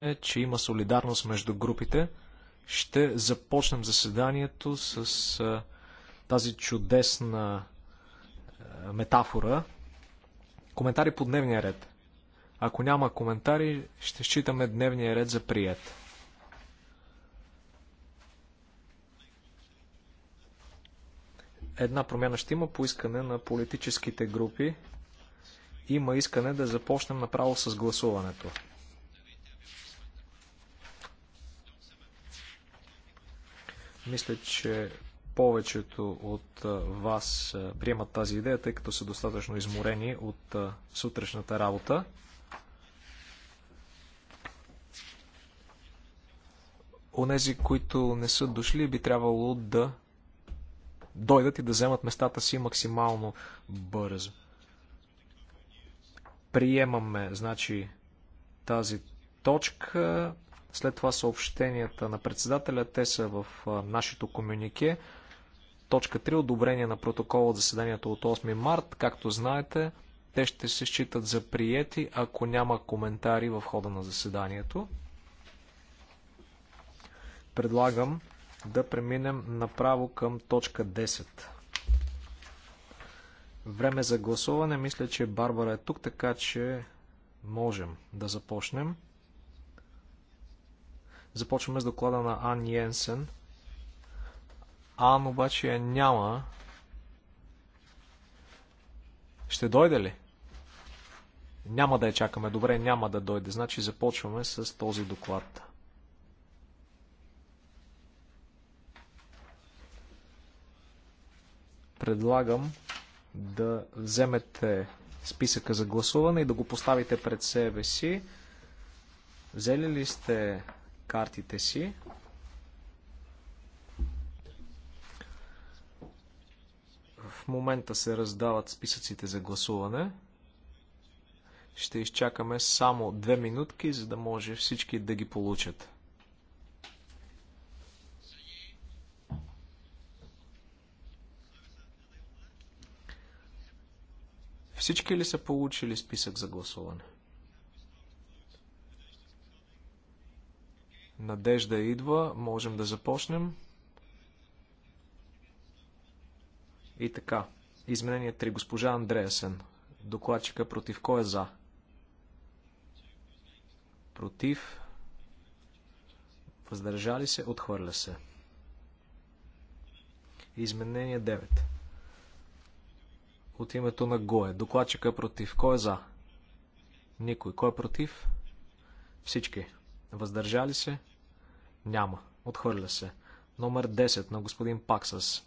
е, че има солидарност между групите. Ще започнем заседанието с а, е, тази чудесна а, е, метафора. Коментари по дневния ред. Ако няма коментари, ще считаме дневния ред за прият. Една промяна ще има по искане на политическите групи. Има искане да започнем направо с гласуването. Мисля, че повечето от вас приемат тази идея, тъй като са достатъчно изморени от сутрешната работа. Онези, които не са дошли, би трябвало да дойдат и да вземат местата си максимално бързо. Приемаме, значи, тази точка. След това съобщенията на председателя, те са в нашето комюнике. Точка 3. Одобрение на протокол от заседанието от 8 март. Както знаете, те ще се считат за приети, ако няма коментари в хода на заседанието. Предлагам да преминем направо към точка 10. Време за гласуване. Мисля, че Барбара е тук, така че можем да започнем. Започваме с доклада на Ан Йенсен. Ан обаче я няма. Ще дойде ли? Няма да я чакаме. Добре, няма да дойде. Значи започваме с този доклад. Предлагам да вземете списъка за гласуване и да го поставите пред себе си. Взели ли сте картите си. В момента се раздават списъците за гласуване. Ще изчакаме само две минутки, за да може всички да ги получат. Всички ли са получили списък за гласуване? Надежда идва, можем да започнем. И така. Изменение 3. Госпожа Андреасен. Докладчика против кой е за? Против. Въздържали се. Отхвърля се. Изменение 9. От името на Гое. Докладчика против кой е за? Никой. Кой е против? Всички. Въздържали се? Няма. Отхвърля се. Номер 10 на господин Паксас.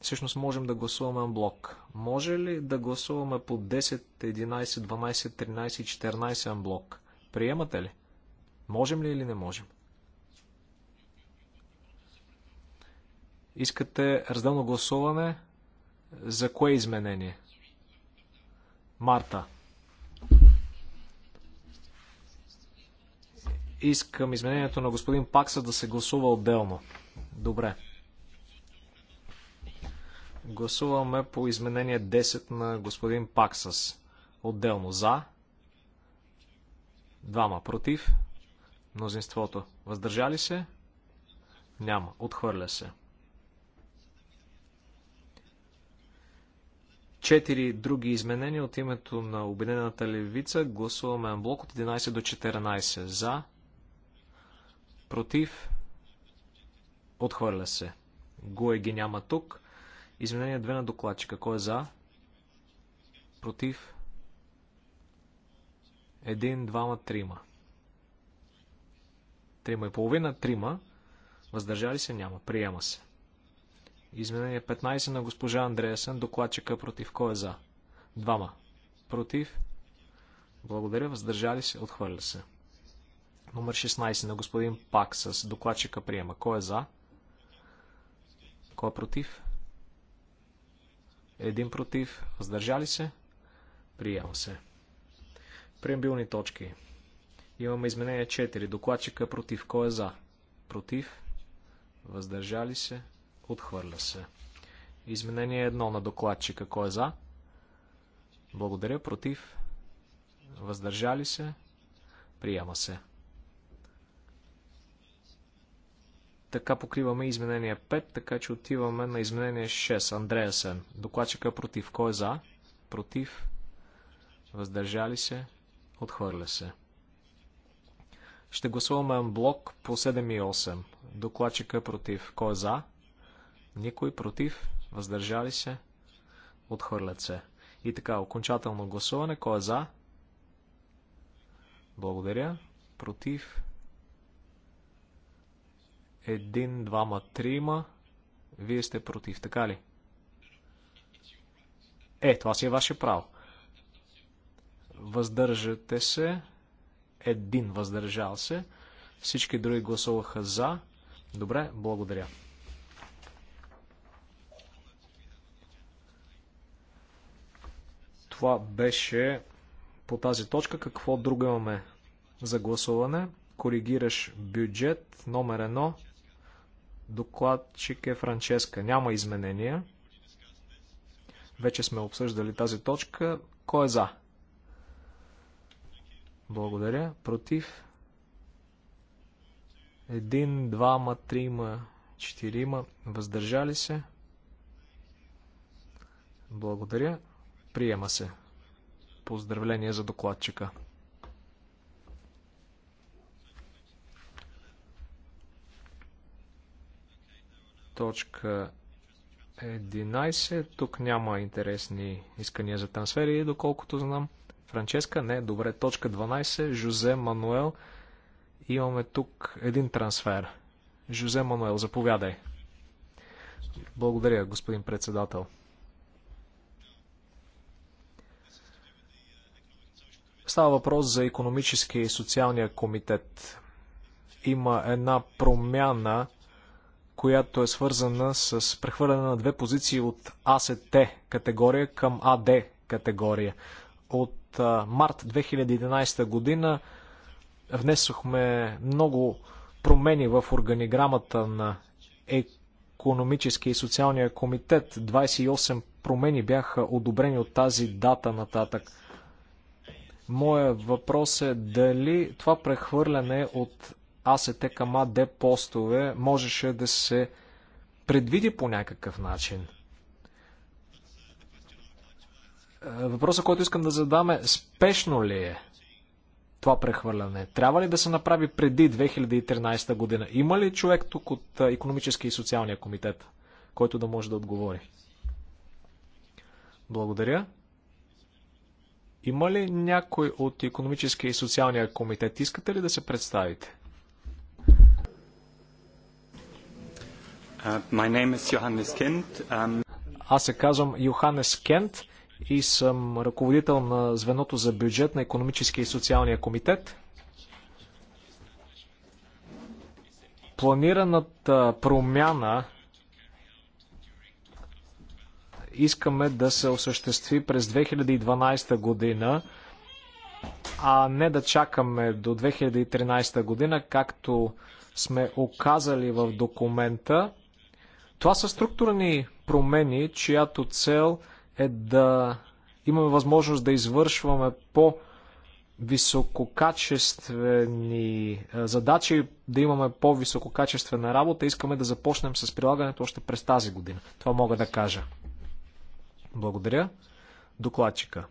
Всъщност можем да гласуваме блок. Може ли да гласуваме по 10, 11, 12, 13 14 блок? Приемате ли? Можем ли или не можем? Искате разделно гласуване за кое изменение? Марта. искам изменението на господин Пакса да се гласува отделно. Добре. Гласуваме по изменение 10 на господин Паксас. Отделно за. Двама против. Мнозинството. Въздържали се? Няма. Отхвърля се. Четири други изменения от името на Обединената левица. Гласуваме блок от 11 до 14. За против, отхвърля се. Гуе ги няма тук. Изменение 2 на докладчика. Кой е за? Против? Един, двама, трима. Трима и половина, трима. Въздържали се няма. Приема се. Изменение 15 на госпожа Андреасен. Докладчика против. Кой е за? Двама. Против? Благодаря. Въздържали се. Отхвърля се. Номер 16 на господин Пак с докладчика приема. Кой е за? Кой е против? Един против. Въздържали се? Приема се. Приембилни точки. Имаме изменение 4. Докладчика е против. Кой е за? Против. Въздържали се? Отхвърля се. Изменение 1 на докладчика. Кой е за? Благодаря. Против. Въздържали се? Приема се. Така покриваме изменение 5, така че отиваме на изменение 6. Андреасен. Докладчика е против. Кой е за? Против. Въздържали се. Отхвърля се. Ще гласуваме блок по 7 и 8. Докладчика е против. Кой е за? Никой против. Въздържали се. Отхвърлят се. И така, окончателно гласуване. Кой е за? Благодаря. Против. Един, двама, трима. Вие сте против, така ли? Е, това си е ваше право. Въздържате се. Един въздържал се. Всички други гласуваха за. Добре, благодаря. Това беше по тази точка. Какво друго имаме за гласуване? Коригираш бюджет номер 1. Докладчик е Франческа. Няма изменения. Вече сме обсъждали тази точка. Кой е за? Благодаря. Против? Един, двама, трима, четирима. Въздържали се? Благодаря. Приема се. Поздравление за докладчика. Точка 11. Тук няма интересни искания за трансфери, доколкото знам. Франческа, не, добре. Точка 12. Жозе Мануел. Имаме тук един трансфер. Жозе Мануел, заповядай. Благодаря, господин председател. Става въпрос за економически и социалния комитет. Има една промяна която е свързана с прехвърляне на две позиции от АСТ категория към АД категория. От март 2011 година внесохме много промени в органиграмата на економическия и социалния комитет. 28 промени бяха одобрени от тази дата нататък. Моя въпрос е дали това прехвърляне от АСТ към АД постове можеше да се предвиди по някакъв начин. Е, въпросът, който искам да задам е спешно ли е това прехвърляне? Трябва ли да се направи преди 2013 година? Има ли човек тук от економически и социалния комитет, който да може да отговори? Благодаря. Има ли някой от економическия и социалния комитет? Искате ли да се представите? Uh, um, Аз се казвам Йоханес Кент и съм ръководител на звеното за бюджет на економическия и социалния комитет. Планираната промяна искаме да се осъществи през 2012 година, а не да чакаме до 2013 година, както сме оказали в документа. Това са структурни промени, чиято цел е да имаме възможност да извършваме по- висококачествени задачи, да имаме по-висококачествена работа. Искаме да започнем с прилагането още през тази година. Това мога да кажа. Благодаря. Докладчика.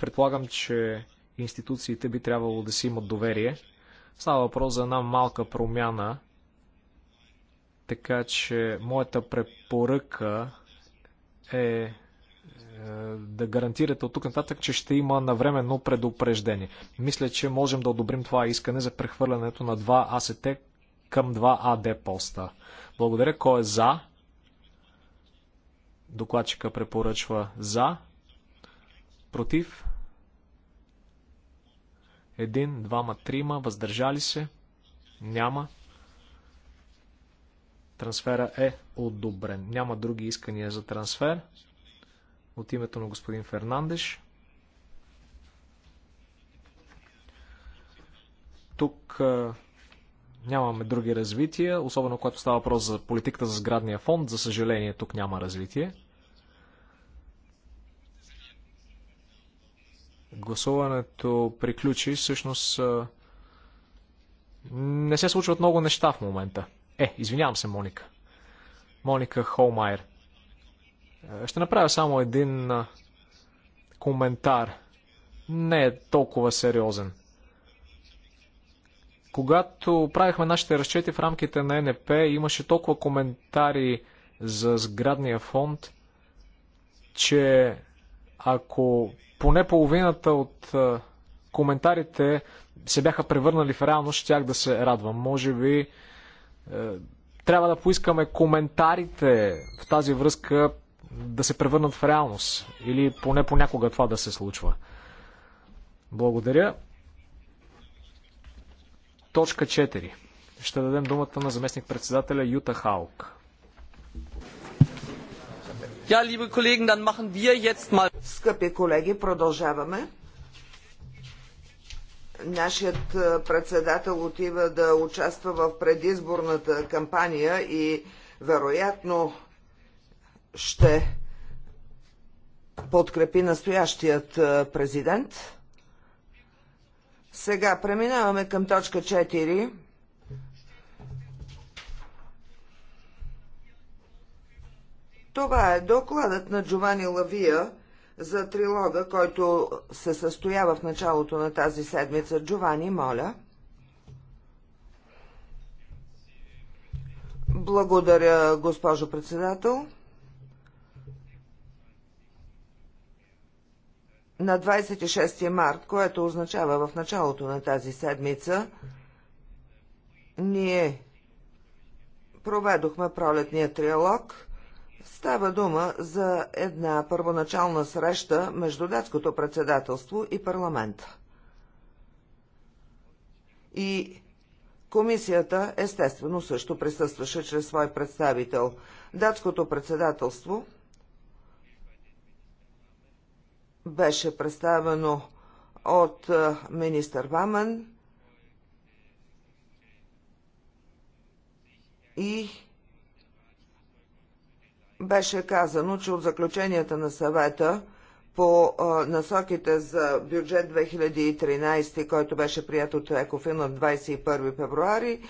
Предполагам, че институциите би трябвало да си имат доверие. Става въпрос за една малка промяна, така че моята препоръка е, е да гарантирате от тук нататък, че ще има навременно предупреждение. Мисля, че можем да одобрим това искане за прехвърлянето на 2 АСТ към 2 АД поста. Благодаря. Кой е за? Докладчика препоръчва за. Против? Един, двама, трима, въздържали се? Няма. Трансфера е одобрен. Няма други искания за трансфер. От името на господин Фернандеш. Тук нямаме други развития, особено когато става въпрос за политиката за сградния фонд. За съжаление, тук няма развитие. гласуването приключи, всъщност не се случват много неща в момента. Е, извинявам се, Моника. Моника Холмайер. Е, ще направя само един коментар. Не е толкова сериозен. Когато правихме нашите разчети в рамките на НП, имаше толкова коментари за сградния фонд, че ако поне половината от коментарите се бяха превърнали в реалност, щях да се радвам. Може би е, трябва да поискаме коментарите в тази връзка да се превърнат в реалност. Или поне понякога това да се случва. Благодаря. Точка 4. Ще дадем думата на заместник председателя Юта Халк. Ja, liebe Kollegen, dann machen wir jetzt mal... Скъпи колеги, продължаваме. Нашият председател отива да участва в предизборната кампания и вероятно ще подкрепи настоящият президент. Сега преминаваме към точка 4. Това е докладът на Джовани Лавия за трилога, който се състоява в началото на тази седмица. Джовани, моля. Благодаря, госпожо председател. На 26 март, което означава в началото на тази седмица, ние проведохме пролетния триалог – Става дума за една първоначална среща между датското председателство и парламент. И комисията естествено също присъстваше чрез свой представител. Датското председателство беше представено от министър Вамен и беше казано, че от заключенията на съвета по насоките за бюджет 2013, който беше прият от Екофин на 21 февруари,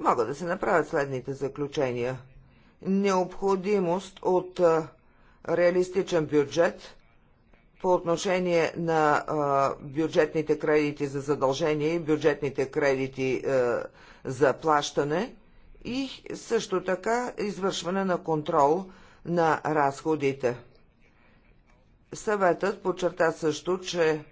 могат да се направят следните заключения. Необходимост от реалистичен бюджет по отношение на бюджетните кредити за задължение и бюджетните кредити за плащане и също така извършване на контрол – на разходите. Съветът подчерта също, че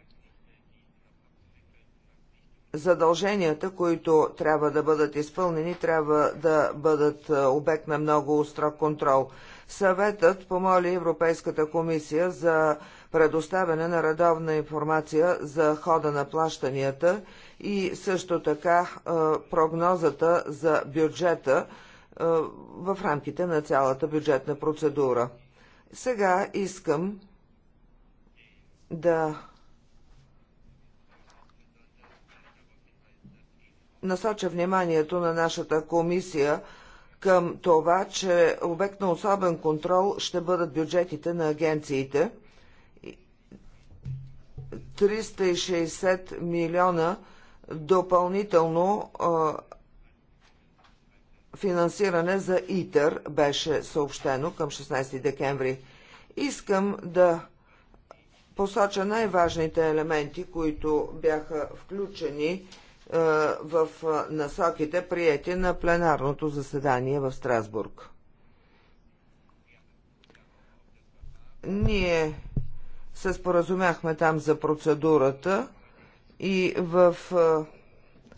задълженията, които трябва да бъдат изпълнени, трябва да бъдат е, обект на много строг контрол. Съветът помоли Европейската комисия за предоставяне на редовна информация за хода на плащанията и също така е, прогнозата за бюджета в рамките на цялата бюджетна процедура. Сега искам да насоча вниманието на нашата комисия към това, че обект на особен контрол ще бъдат бюджетите на агенциите. 360 милиона допълнително финансиране за ИТЕР беше съобщено към 16 декември. Искам да посоча най-важните елементи, които бяха включени е, в насоките, приети на пленарното заседание в Страсбург. Ние се споразумяхме там за процедурата и в е,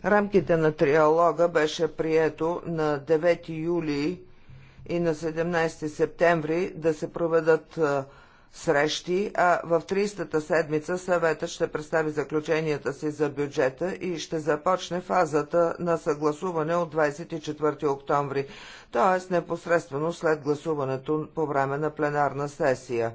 рамките на триалога беше прието на 9 юли и на 17 септември да се проведат срещи, а в 30-та седмица съветът ще представи заключенията си за бюджета и ще започне фазата на съгласуване от 24 октомври, т.е. непосредствено след гласуването по време на пленарна сесия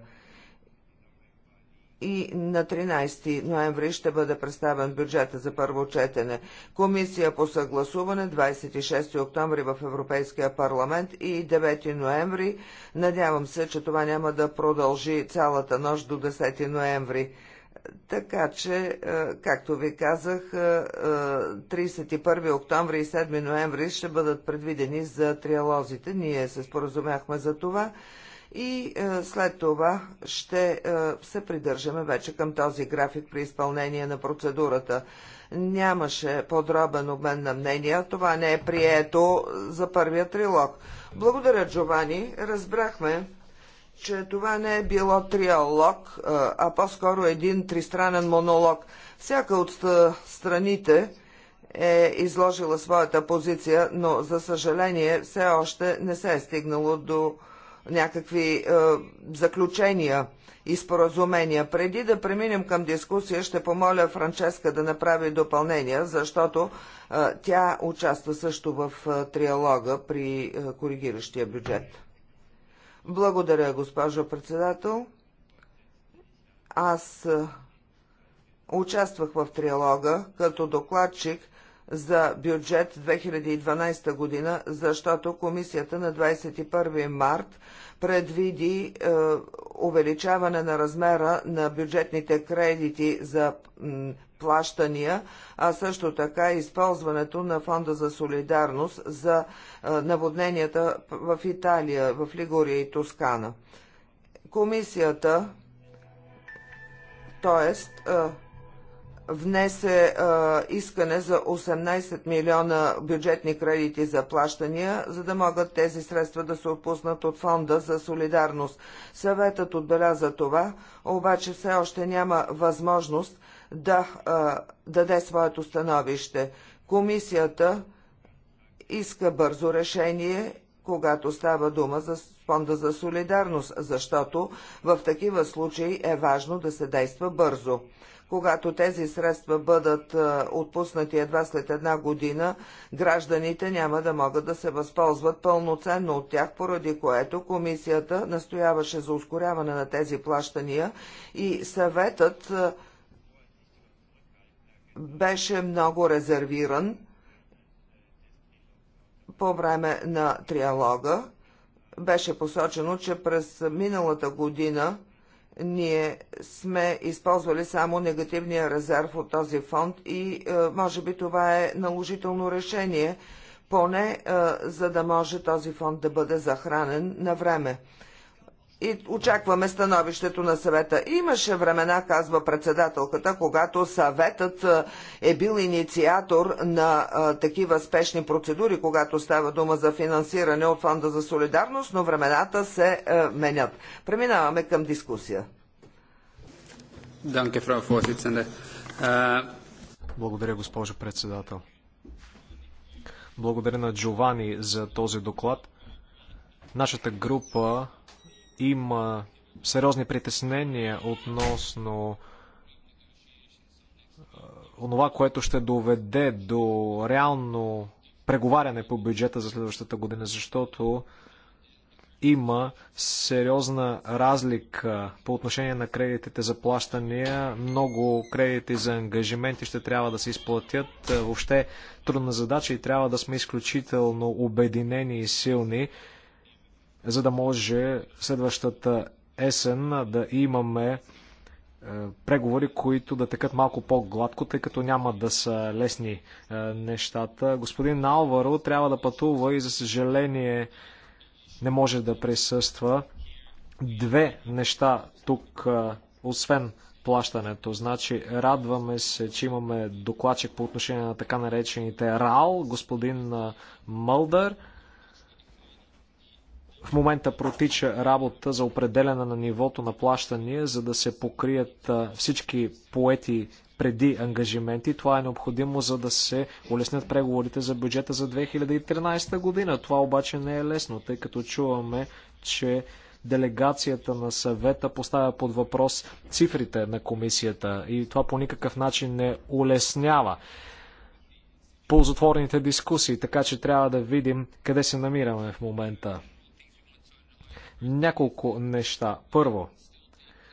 и на 13 ноември ще бъде представен бюджета за първо четене. Комисия по съгласуване 26 октомври в Европейския парламент и 9 ноември. Надявам се, че това няма да продължи цялата нощ до 10 ноември. Така че, е, както ви казах, 31 е, е, октомври и 7 ноември ще бъдат предвидени за триалозите. Ние се споразумяхме за това и е, след това ще е, се придържаме вече към този график при изпълнение на процедурата. Нямаше подробен обмен на мнения, това не е прието за първия трилог. Благодаря, Джовани. Разбрахме, че това не е било триалог, е, а по-скоро един тристранен монолог. Всяка от страните е изложила своята позиция, но за съжаление все още не се е стигнало до някакви е, заключения и споразумения. Преди да преминем към дискусия, ще помоля Франческа да направи допълнения, защото е, тя участва също в е, триалога при е, коригиращия бюджет. Благодаря, госпожо председател. Аз е, участвах в триалога като докладчик – за бюджет 2012 година, защото комисията на 21 март предвиди е, увеличаване на размера на бюджетните кредити за плащания, а също така използването на Фонда за солидарност за е, наводненията в Италия, в Лигория и Тоскана. Комисията, т.е внесе а, искане за 18 милиона бюджетни кредити за плащания, за да могат тези средства да се отпуснат от фонда за солидарност. Съветът отбеляза това, обаче все още няма възможност да а, даде своето становище. Комисията иска бързо решение когато става дума за Фонда за солидарност, защото в такива случаи е важно да се действа бързо когато тези средства бъдат отпуснати едва след една година, гражданите няма да могат да се възползват пълноценно от тях, поради което комисията настояваше за ускоряване на тези плащания и съветът беше много резервиран по време на триалога. Беше посочено, че през миналата година ние сме използвали само негативния резерв от този фонд и е, може би това е наложително решение, поне е, за да може този фонд да бъде захранен на време и очакваме становището на съвета. Имаше времена, казва председателката, когато съветът е, е бил инициатор на а, е, такива спешни процедури, когато става дума за финансиране от Фонда за солидарност, но времената се а, е, менят. Преминаваме към дискусия. Благодаря, госпожо председател. Благодаря на Джовани за този доклад. Нашата група има сериозни притеснения относно онова, което ще доведе до реално преговаряне по бюджета за следващата година, защото има сериозна разлика по отношение на кредитите за плащания. Много кредити за ангажименти ще трябва да се изплатят. Въобще трудна задача и трябва да сме изключително обединени и силни за да може следващата есен да имаме е, преговори, които да текат малко по-гладко, тъй като няма да са лесни е, нещата. Господин Алваро трябва да пътува и за съжаление не може да присъства. Две неща тук, е, освен плащането. Значи, радваме се, че имаме докладчик по отношение на така наречените РАЛ, господин Мълдър в момента протича работа за определяне на нивото на плащания, за да се покрият всички поети преди ангажименти. Това е необходимо, за да се улеснят преговорите за бюджета за 2013 година. Това обаче не е лесно, тъй като чуваме, че делегацията на съвета поставя под въпрос цифрите на комисията и това по никакъв начин не улеснява ползотворните дискусии, така че трябва да видим къде се намираме в момента. Няколко неща. Първо,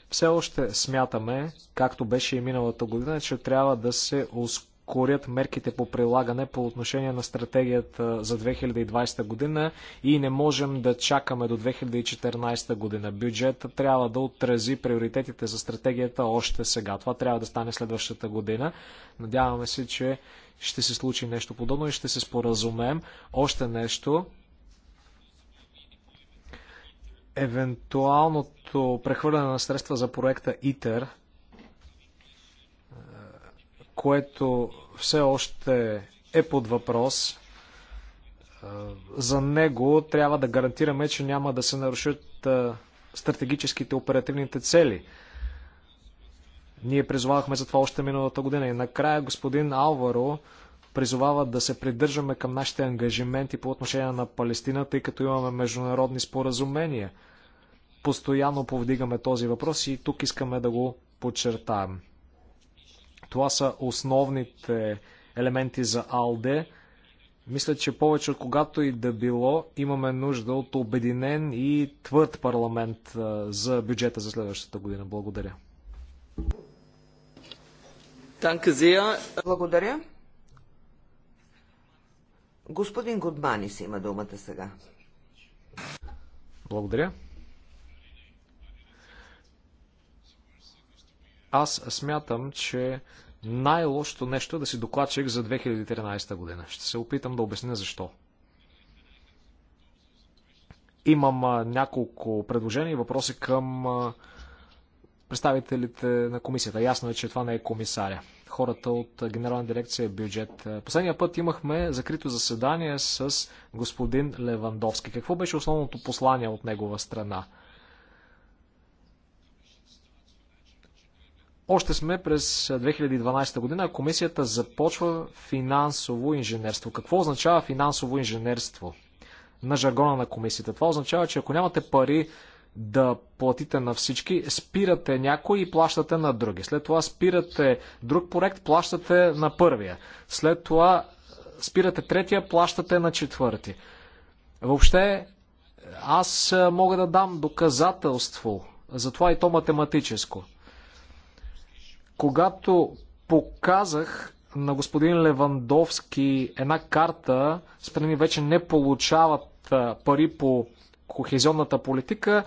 все още смятаме, както беше и миналата година, че трябва да се ускорят мерките по прилагане по отношение на стратегията за 2020 година и не можем да чакаме до 2014 година. Бюджетът трябва да отрази приоритетите за стратегията още сега. Това трябва да стане следващата година. Надяваме се, че ще се случи нещо подобно и ще се споразумеем. Още нещо, евентуалното прехвърляне на средства за проекта ИТЕР, е, което все още е под въпрос. Е, за него трябва да гарантираме, че няма да се нарушат е, стратегическите оперативните цели. Ние призовахме за това още миналата година. И накрая господин Алваро призовава да се придържаме към нашите ангажименти по отношение на Палестина, тъй като имаме международни споразумения. Постоянно повдигаме този въпрос и тук искаме да го подчертаем. Това са основните елементи за АЛДЕ. Мисля, че повече от когато и да било имаме нужда от обединен и твърд парламент за бюджета за следващата година. Благодаря. Благодаря. Господин Гудманис има думата сега. Благодаря. Аз смятам, че най-лошото нещо е да си докладчик за 2013 година. Ще се опитам да обясня защо. Имам няколко предложения и въпроси към представителите на комисията. Ясно е, че това не е комисаря хората от Генерална дирекция бюджет. Последния път имахме закрито заседание с господин Левандовски. Какво беше основното послание от негова страна? Още сме през 2012 година. Комисията започва финансово инженерство. Какво означава финансово инженерство? На жаргона на комисията. Това означава, че ако нямате пари да платите на всички, спирате някой и плащате на други. След това спирате друг проект, плащате на първия. След това е, спирате третия, плащате на четвърти. Въобще, е, аз е, мога да дам доказателство, за това и то математическо. Когато показах на господин Левандовски една карта, страни вече не получават пари по кохезионната политика,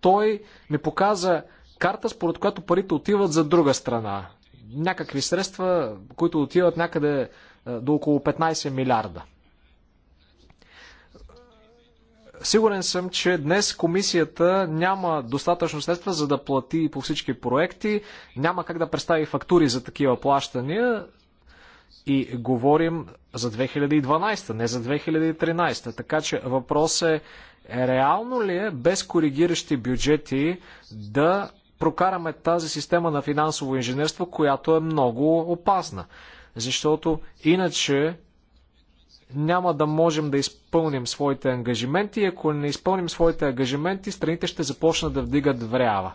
той ми показа карта, според която парите отиват за друга страна. Някакви средства, които отиват някъде е, до около 15 милиарда. Сигурен съм, че днес комисията няма достатъчно средства за да плати по всички проекти, няма как да представи фактури за такива плащания и говорим за 2012, не за 2013. Така че въпрос е Реално ли е без коригиращи бюджети да прокараме тази система на финансово инженерство, която е много опасна? Защото иначе няма да можем да изпълним своите ангажименти и ако не изпълним своите ангажименти, страните ще започнат да вдигат врява.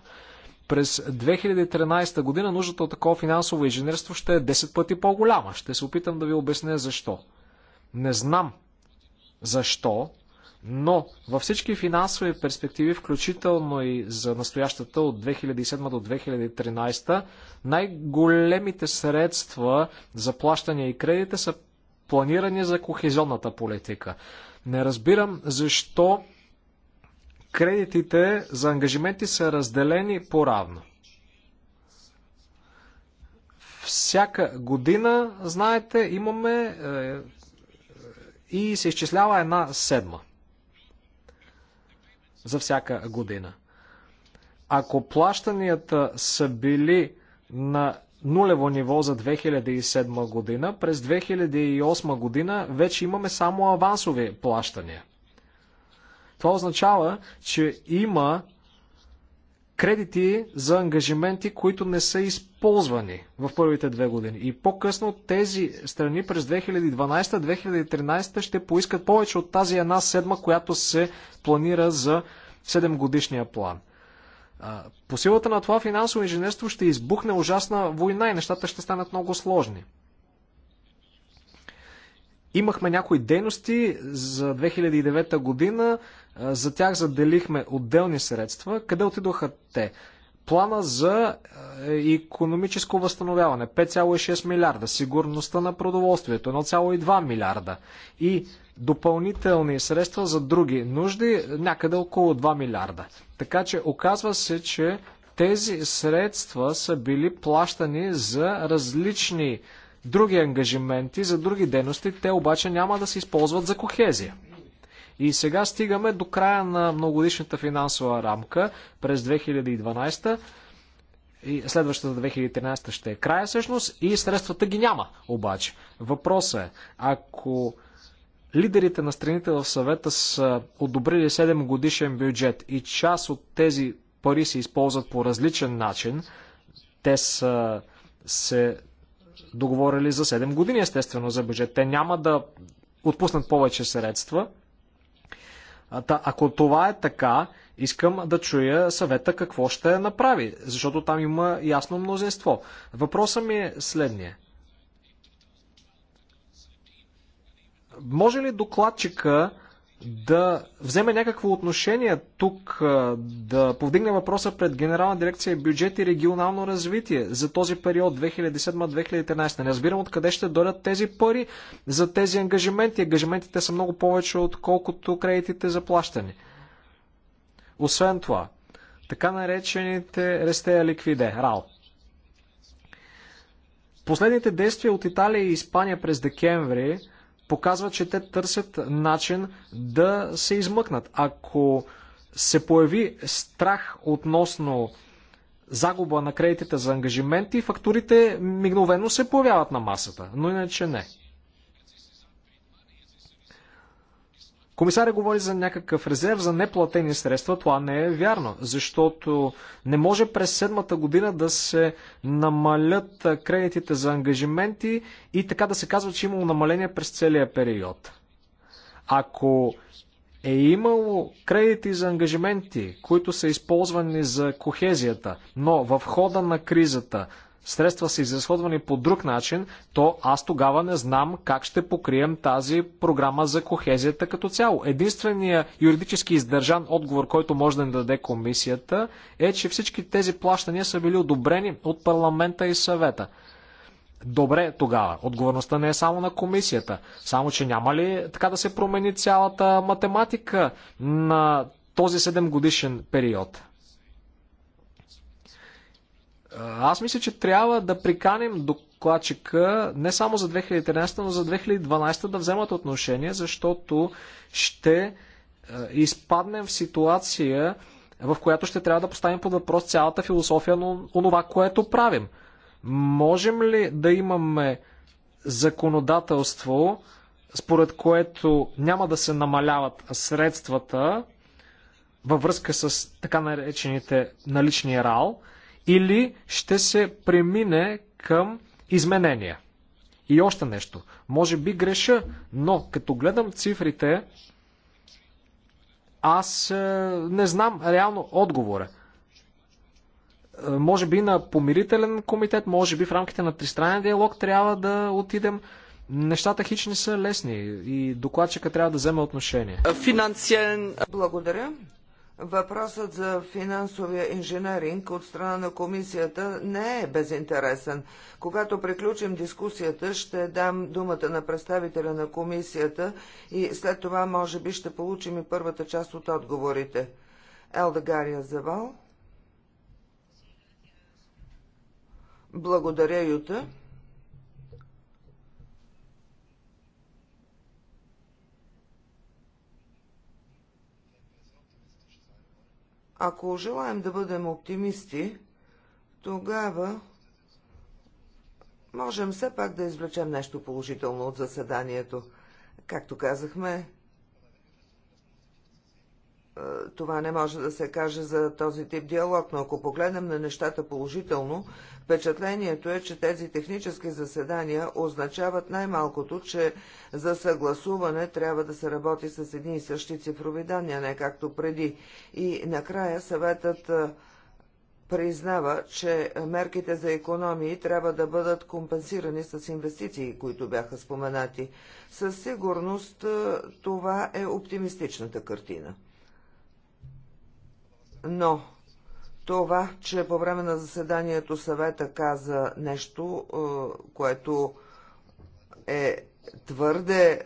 През 2013 година нуждата от такова финансово инженерство ще е 10 пъти по-голяма. Ще се опитам да ви обясня защо. Не знам защо, но във всички финансови перспективи, включително и за настоящата от 2007 до 2013, най-големите средства за плащания и кредите са планирани за кохезионната политика. Не разбирам защо кредитите за ангажименти са разделени по-равно. Всяка година, знаете, имаме е, и се изчислява една седма за всяка година. Ако плащанията са били на нулево ниво за 2007 година, през 2008 година вече имаме само авансови плащания. Това означава, че има кредити за ангажименти, които не са използвани в първите две години. И по-късно тези страни през 2012-2013 ще поискат повече от тази една седма, която се планира за 7 годишния план. По силата на това финансово инженерство ще избухне ужасна война и нещата ще станат много сложни. Имахме някои дейности за 2009 година, за тях заделихме отделни средства. Къде отидоха те? Плана за економическо възстановяване 5,6 милиарда, сигурността на продоволствието 1,2 милиарда и допълнителни средства за други нужди някъде около 2 милиарда. Така че оказва се, че тези средства са били плащани за различни други ангажименти, за други дейности, те обаче няма да се използват за кохезия. И сега стигаме до края на многодишната финансова рамка през 2012 и следващата 2013 ще е края всъщност и средствата ги няма обаче. Въпросът е, ако лидерите на страните в съвета са одобрили 7 годишен бюджет и част от тези пари се използват по различен начин, те са се договорили за 7 години, естествено, за бюджет. Те няма да отпуснат повече средства. Та, ако това е така, искам да чуя съвета какво ще направи, защото там има ясно мнозинство. Въпросът ми е следния. Може ли докладчика да вземе някакво отношение тук, да повдигне въпроса пред Генерална дирекция бюджет и регионално развитие за този период 2007-2013. Не разбирам откъде ще дойдат тези пари за тези ангажименти. Ангажиментите са много повече, отколкото кредитите за плащане. Освен това, така наречените рестея ликвиде, РАО. Последните действия от Италия и Испания през декември – показва, че те търсят начин да се измъкнат. Ако се появи страх относно загуба на кредитите за ангажименти, фактурите мигновено се появяват на масата, но иначе не. Комисаря говори за някакъв резерв за неплатени средства. Това не е вярно, защото не може през седмата година да се намалят кредитите за ангажименти и така да се казва, че е имало намаление през целия период. Ако е имало кредити за ангажименти, които са използвани за кохезията, но в хода на кризата средства са изразходвани по друг начин, то аз тогава не знам как ще покрием тази програма за кохезията като цяло. Единственият юридически издържан отговор, който може да ни даде комисията, е, че всички тези плащания са били одобрени от парламента и съвета. Добре, тогава. Отговорността не е само на комисията. Само, че няма ли така да се промени цялата математика на този 7 годишен период? Аз мисля, че трябва да приканим докладчика не само за 2013, но за 2012 да вземат отношение, защото ще изпаднем в ситуация, в която ще трябва да поставим под въпрос цялата философия на онова, което правим. Можем ли да имаме законодателство, според което няма да се намаляват средствата във връзка с така наречените налични РАЛ – или ще се премине към изменения. И още нещо. Може би греша, но като гледам цифрите, аз е, не знам реално отговора. Е, може би на помирителен комитет, може би в рамките на тристранен диалог трябва да отидем. Нещата хич не са лесни и докладчика трябва да вземе отношение. Финансиен. Благодаря. Въпросът за финансовия инженеринг от страна на комисията не е безинтересен. Когато приключим дискусията, ще дам думата на представителя на комисията и след това може би ще получим и първата част от отговорите. Елдагария Завал. Благодаря, Юта. Ако желаем да бъдем оптимисти, тогава можем все пак да извлечем нещо положително от заседанието. Както казахме, е, това не може да се каже за този тип диалог, но ако погледнем на нещата положително, впечатлението е, че тези технически заседания означават най-малкото, че за съгласуване трябва да се работи с едни и същи цифрови данни, а не както преди. И накрая съветът е, признава, че мерките за економии трябва да бъдат компенсирани с инвестиции, които бяха споменати. Със сигурност е, това е оптимистичната картина но това, че по време на заседанието съвета каза нещо, е, което е твърде е,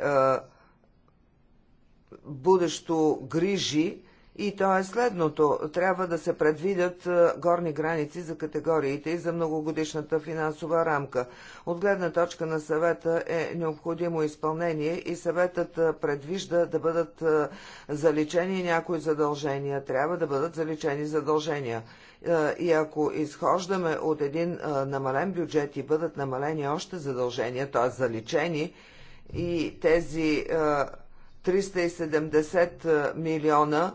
будещо грижи, и то е следното. Трябва да се предвидят е, горни граници за категориите и за многогодишната финансова рамка. От гледна точка на съвета е необходимо изпълнение и съветът е, предвижда да бъдат е, заличени някои задължения. Трябва да бъдат заличени задължения. И ако изхождаме от един намален бюджет и бъдат намалени още задължения, т.е. заличени, и тези 370 милиона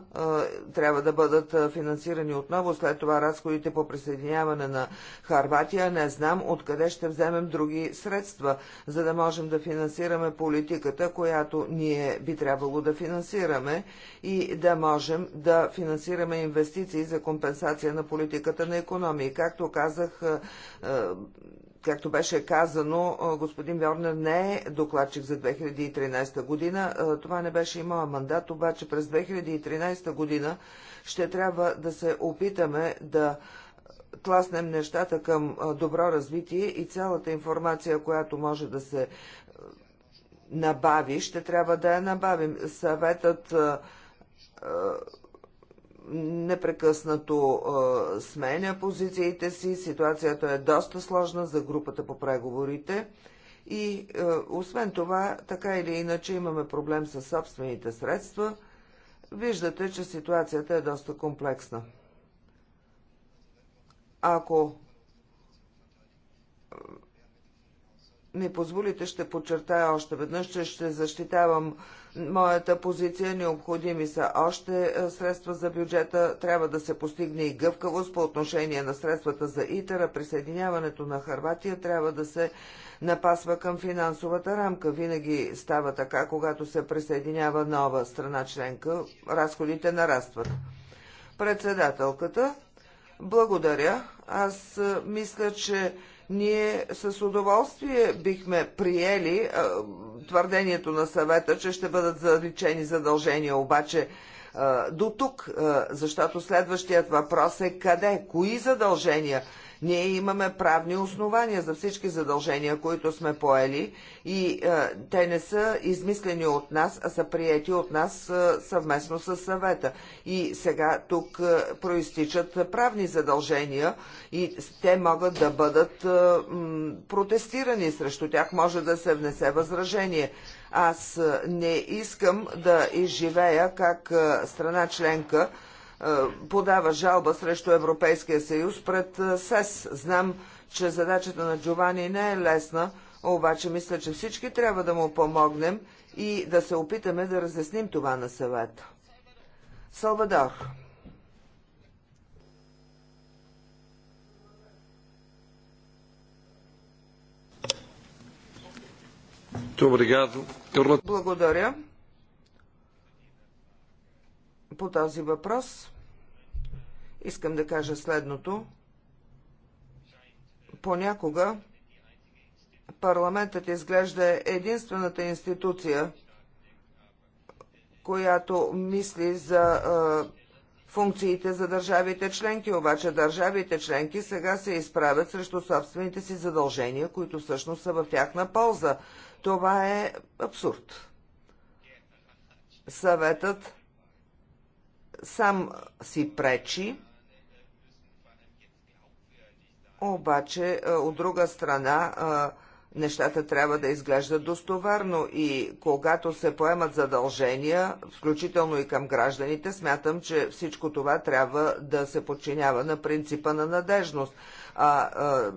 трябва да бъдат финансирани отново, след това разходите по присъединяване на Харватия. Не знам откъде ще вземем други средства, за да можем да финансираме политиката, която ние би трябвало да финансираме и да можем да финансираме инвестиции за компенсация на политиката на економии. Както казах, както беше казано, господин Бьорнер не е докладчик за 2013 година. Това не беше и моя мандат, обаче през 2013 година ще трябва да се опитаме да тласнем нещата към добро развитие и цялата информация, която може да се набави, ще трябва да я набавим. Съветът непрекъснато е, сменя позициите си, ситуацията е доста сложна за групата по преговорите и е, освен това, така или иначе имаме проблем с собствените средства. Виждате, че ситуацията е доста комплексна. Ако ми позволите, ще подчертая още веднъж, че ще защитавам моята позиция. Необходими са още е, средства за бюджета. Трябва да се постигне и гъвкавост по отношение на средствата за ИТЕРА. Присъединяването на Харватия трябва да се напасва към финансовата рамка. Винаги става така, когато се присъединява нова страна членка, разходите нарастват. Председателката, благодаря. Аз е, мисля, че ние с удоволствие бихме приели е, твърдението на съвета, че ще бъдат заличени задължения, обаче е, до тук, е, защото следващият въпрос е къде, кои задължения – ние имаме правни основания за всички задължения, които сме поели и е, те не са измислени от нас, а са приети от нас е, съвместно с съвета. И сега тук е, проистичат правни задължения и те могат да бъдат е, протестирани. Срещу тях може да се внесе възражение. Аз е, не искам да изживея как е, страна членка е, подава жалба срещу Европейския съюз пред е, СЕС. Знам, че задачата на Джовани не е лесна, обаче мисля, че всички трябва да му помогнем и да се опитаме да разясним това на съвет. Салвадор. Благодаря. По този въпрос искам да кажа следното. Понякога парламентът изглежда единствената институция, която мисли за функциите за държавите членки, обаче държавите членки сега се изправят срещу собствените си задължения, които всъщност са в тяхна полза. Това е абсурд. Съветът сам си пречи обаче е, от друга страна е, нещата трябва да изглеждат достоверно и когато се поемат задължения, включително и към гражданите, смятам, че всичко това трябва да се подчинява на принципа на надежност. А, а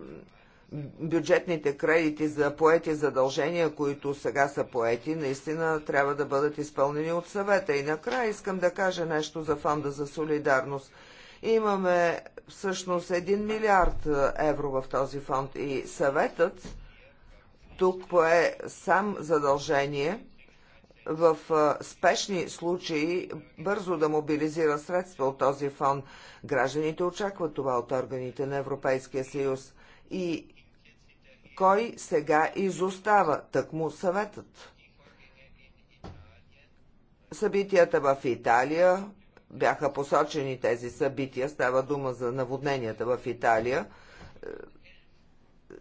бюджетните кредити за поети задължения, които сега са поети, наистина трябва да бъдат изпълнени от съвета. И накрая искам да кажа нещо за фонда за солидарност – Имаме всъщност 1 милиард е, евро в този фонд и съветът тук пое сам задължение в е, спешни случаи бързо да мобилизира средства от този фонд. Гражданите очакват това от органите на Европейския съюз. И кой сега изостава? Так му съветът. Събитията в Италия, бяха посочени тези събития, става дума за наводненията в Италия,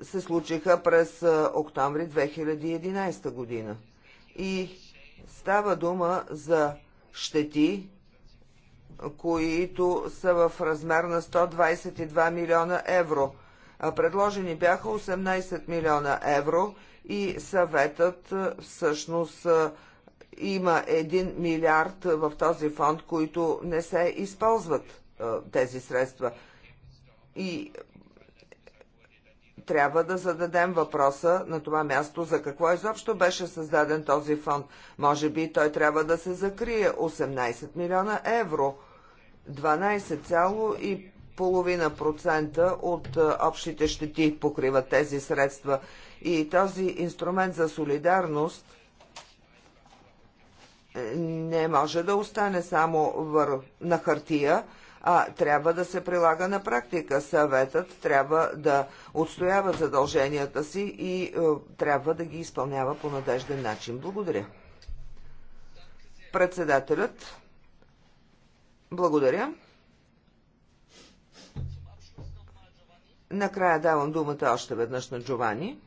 се случиха през октомври 2011 година. И става дума за щети, които са в размер на 122 милиона евро. Предложени бяха 18 милиона евро и съветът всъщност има 1 милиард в този фонд, които не се използват е, тези средства. И трябва да зададем въпроса на това място за какво изобщо беше създаден този фонд. Може би той трябва да се закрие 18 милиона евро, 12,5% от е, общите щети покриват тези средства. И този инструмент за солидарност – не може да остане само вър... на хартия, а трябва да се прилага на практика. Съветът трябва да отстоява задълженията си и е, трябва да ги изпълнява по надежден начин. Благодаря. Председателят. Благодаря. Накрая давам думата още веднъж на Джовани.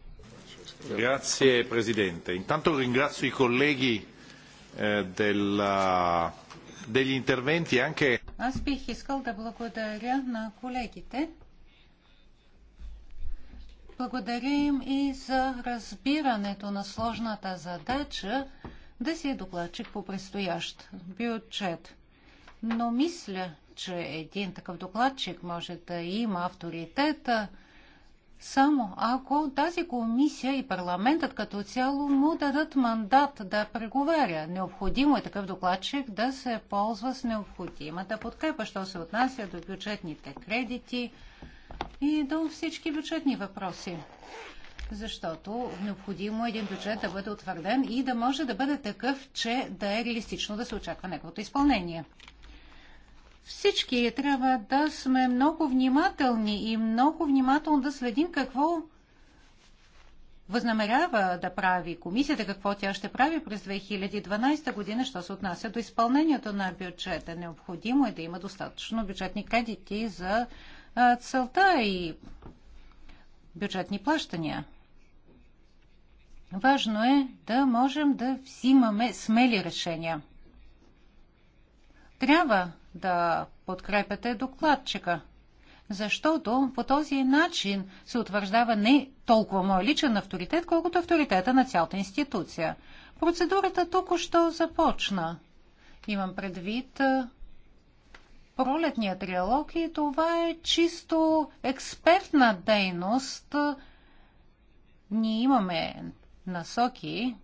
Grazie президента. Intanto ringrazio i colleghi degli interventi anche. Аз бих искал да благодаря на колегите. Благодаря им и за разбирането на сложната задача да си е докладчик по предстоящ бюджет. Но мисля, че един такъв докладчик може да има авторитета само ако тази комисия и парламентът като цяло му дадат мандат да преговаря. Необходимо е такъв докладчик да се ползва с необходимата подкрепа, що се отнася до бюджетните кредити и до всички бюджетни въпроси. Защото необходимо е един бюджет да бъде утвърден и да може да бъде такъв, че да е реалистично да се очаква неговото изпълнение всички трябва да сме много внимателни и много внимателно да следим какво възнамерява да прави комисията, какво тя ще прави през 2012 година, що се отнася до изпълнението на бюджета. Необходимо е да има достатъчно бюджетни кредити за целта и бюджетни плащания. Важно е да можем да взимаме смели решения. Трябва да подкрепяте докладчика, защото по този начин се утвърждава не толкова моя личен авторитет, колкото авторитета на цялата институция. Процедурата тук що започна. Имам предвид пролетния триалог и това е чисто експертна дейност. Ние имаме насоки,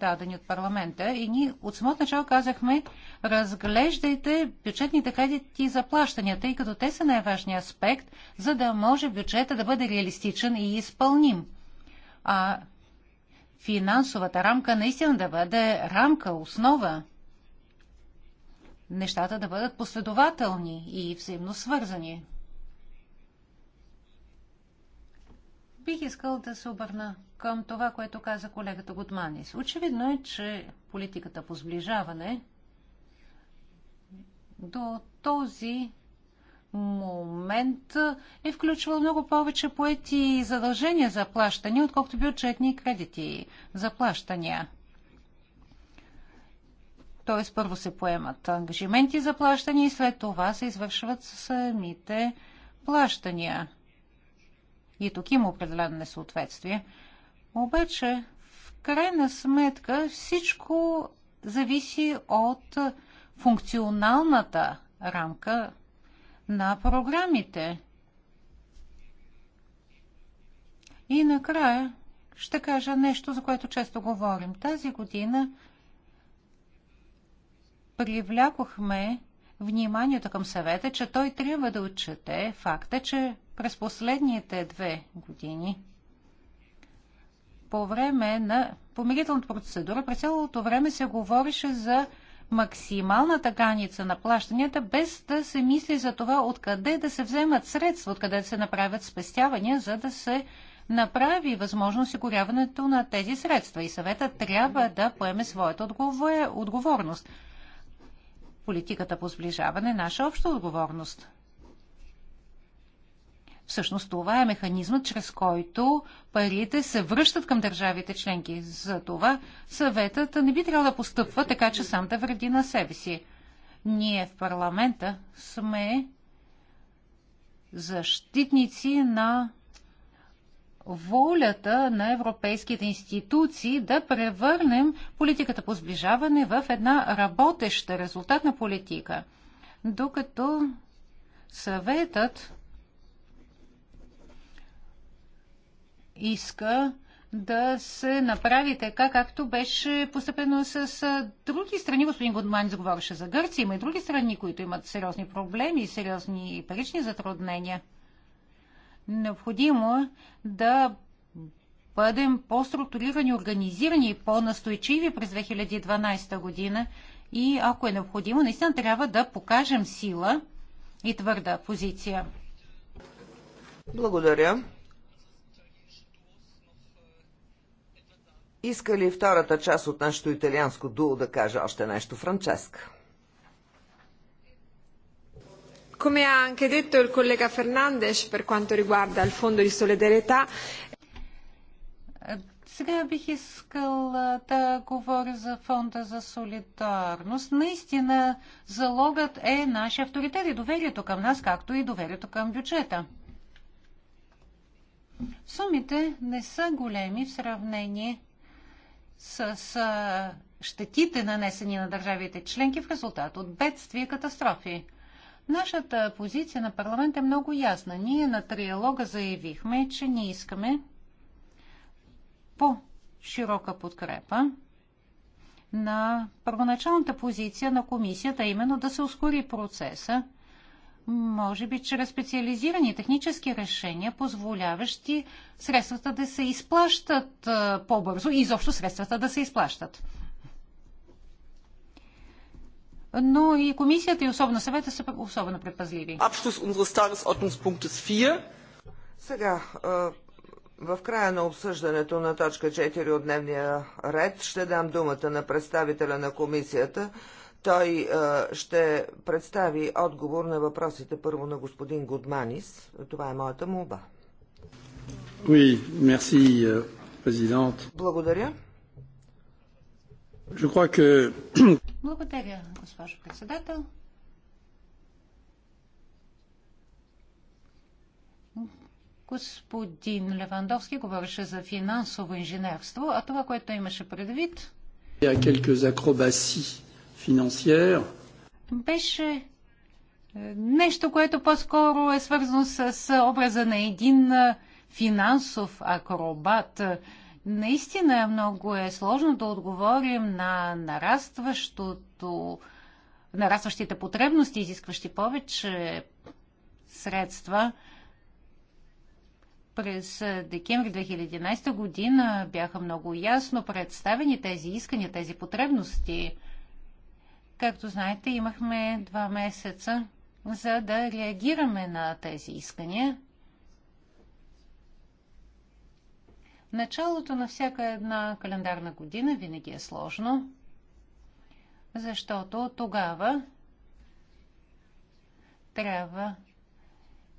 дадени от парламента. И ние от самото начало казахме, разглеждайте бюджетните кредити и заплащания, тъй като те са най-важният аспект, за да може бюджета да бъде реалистичен и изпълним. А финансовата рамка наистина да бъде рамка, основа. Нещата да бъдат последователни и взаимно свързани. Бих искал да се обърна към това, което каза колегата Гудманис. Очевидно е, че политиката по сближаване до този момент е включвал много повече поети и задължения за плащания, отколкото бюджетни кредити за плащания. Тоест, първо се поемат ангажименти за плащания и след това се извършват самите плащания. И тук има определено несъответствие. Обаче, в крайна сметка, всичко зависи от функционалната рамка на програмите. И накрая ще кажа нещо, за което често говорим. Тази година привлякохме вниманието към съвета, че той трябва да отчете факта, че през последните две години по време на помирителната процедура през цялото време се говореше за максималната граница на плащанията, без да се мисли за това откъде да се вземат средства, откъде да се направят спестявания, за да се направи възможно осигуряването на тези средства. И съвета трябва да поеме своята отговорност. Политиката по сближаване е наша обща отговорност. Всъщност това е механизмът, чрез който парите се връщат към държавите членки. За това съветът не би трябвало да постъпва така, че сам да вреди на себе си. Ние в парламента сме защитници на волята на европейските институции да превърнем политиката по сближаване в една работеща резултатна политика. Докато съветът иска да се направи така, както беше постепенно с други страни. Господин Гудман заговореше за Гърция. Има и други страни, които имат сериозни проблеми и сериозни парични затруднения. Необходимо е да бъдем по-структурирани, организирани и по-настойчиви през 2012 година. И ако е необходимо, наистина трябва да покажем сила и твърда позиция. Благодаря. Иска ли втората част от нашето италианско дуо да каже още нещо, Франческа? Come ha anche detto il collega Fernandes per quanto riguarda il Fondo di solidarietà, сега бих искал да говоря за фонда за солидарност. Наистина, залогът е нашия авторитет и доверието към нас, както и доверието към бюджета. Сумите не са големи в сравнение с, а, щетите нанесени на държавите членки в резултат от бедствия и катастрофи. Нашата позиция на парламент е много ясна. Ние на триалога заявихме, че не искаме по-широка подкрепа на първоначалната позиция на комисията, именно да се ускори процеса може би чрез специализирани технически решения, позволяващи средствата да се изплащат по-бързо и изобщо средствата да се изплащат. Но и комисията и особено съвета са особено предпазливи. Сега, в края на обсъждането на точка 4 от дневния ред ще дам думата на представителя на комисията, той а, е, ще представи отговор на въпросите първо на господин Гудманис. Това е моята молба. Oui, merci, е, президент. Благодаря. Je crois que... Благодаря, госпожо председател. Господин Левандовски говореше за финансово инженерство, а това, което имаше предвид... Il y a quelques acrobaties financière. Беше е, нещо, което по-скоро е свързано с образа на един е, финансов акробат. Наистина много е сложно да отговорим на нарастващото, нарастващите потребности, изискващи повече средства. През е, декември 2011 година бяха много ясно представени тези искания, тези потребности – Както знаете, имахме два месеца, за да реагираме на тези искания. Началото на всяка една календарна година винаги е сложно, защото тогава трябва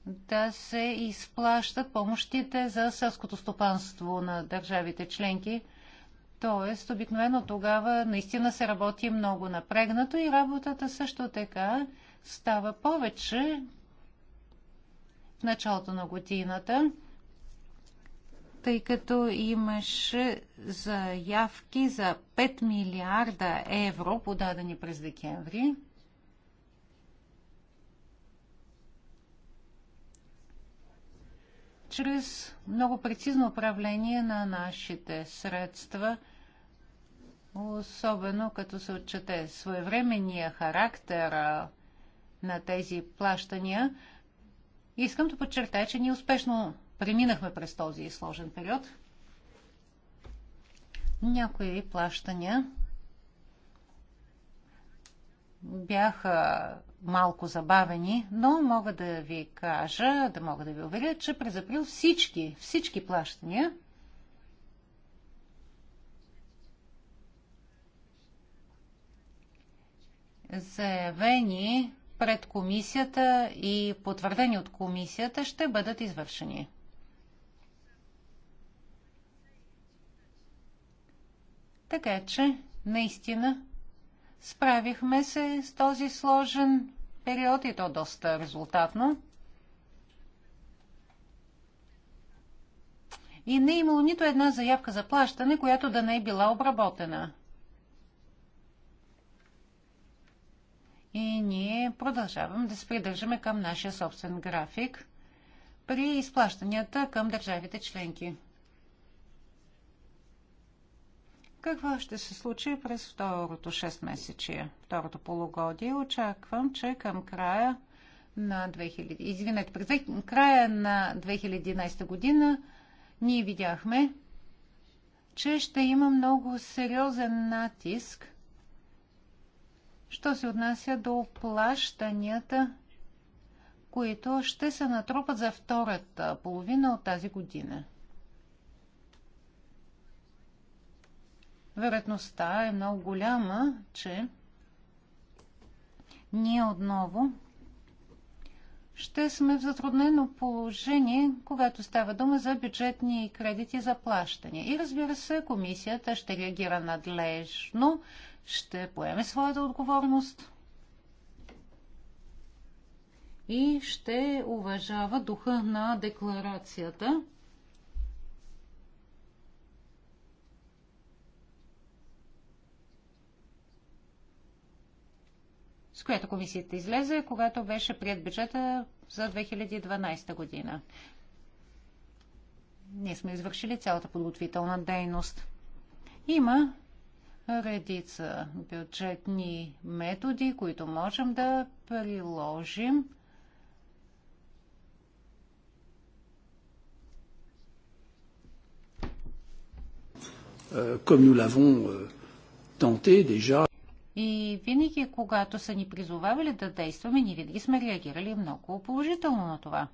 да се изплащат помощите за селското стопанство на държавите членки – Тоест, обикновено тогава наистина се работи много напрегнато и работата също така става повече в началото на годината, тъй като имаше заявки за 5 милиарда евро, подадени през декември. чрез много прецизно управление на нашите средства, особено като се отчете своевременния характер на тези плащания. Искам да подчертая, че ние успешно преминахме през този сложен период. Някои плащания бяха малко забавени, но мога да ви кажа, да мога да ви уверя, че през април всички, всички плащания заявени пред комисията и потвърдени от комисията ще бъдат извършени. Така че, наистина, Справихме се с този сложен период и то доста резултатно. И не е имало нито една заявка за плащане, която да не е била обработена. И ние продължаваме да се придържаме към нашия собствен график при изплащанията към държавите членки. Какво ще се случи през второто 6 месечие, второто полугодие? Очаквам, че към края на 2000, извинете, през края на 2011 година ние видяхме, че ще има много сериозен натиск, що се отнася до плащанията, които ще се натрупат за втората половина от тази година. вероятността е много голяма, че ние отново ще сме в затруднено положение, когато става дума за бюджетни кредити за плащане. И разбира се, комисията ще реагира надлежно, ще поеме своята отговорност и ще уважава духа на декларацията – с която комисията излезе, когато беше прият бюджета за 2012 година. Ние сме извършили цялата подготвителна дейност. Има редица бюджетни методи, които можем да приложим. Е, Comme nous l'avons е, tenté déjà. И винаги, когато са ни призовавали да действаме, ние винаги сме реагирали много положително на това.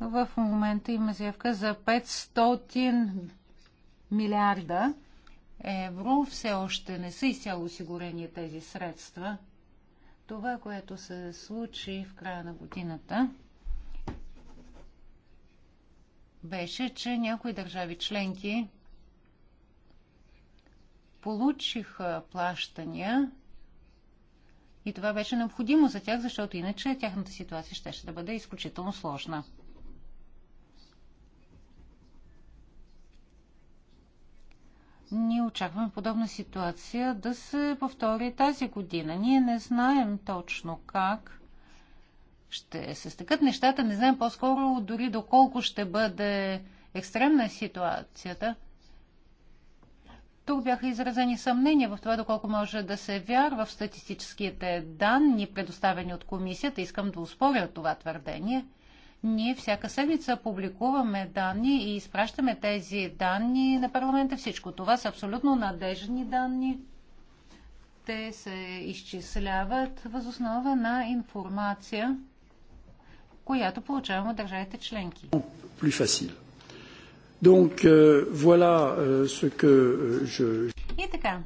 В момента има заявка за 500 милиарда евро. Все още не са изцяло осигурени тези средства. Това, което се случи в края на годината, беше, че някои държави членки получиха плащания и това беше необходимо за тях, защото иначе тяхната ситуация ще, ще да бъде изключително сложна. Ние очакваме подобна ситуация да се повтори тази година. Ние не знаем точно как ще се стъкат нещата, не знаем по-скоро дори доколко ще бъде екстремна ситуацията – тук бяха изразени съмнения в това, доколко може да се вярва в статистическите данни, предоставени от комисията. Искам да успоря това твърдение. Ние всяка седмица публикуваме данни и изпращаме тези данни на парламента. Всичко това са абсолютно надежни данни. Те се изчисляват възоснова на информация, която получаваме от държавите членки. Donc euh, voilà euh, ce que euh, je. И така.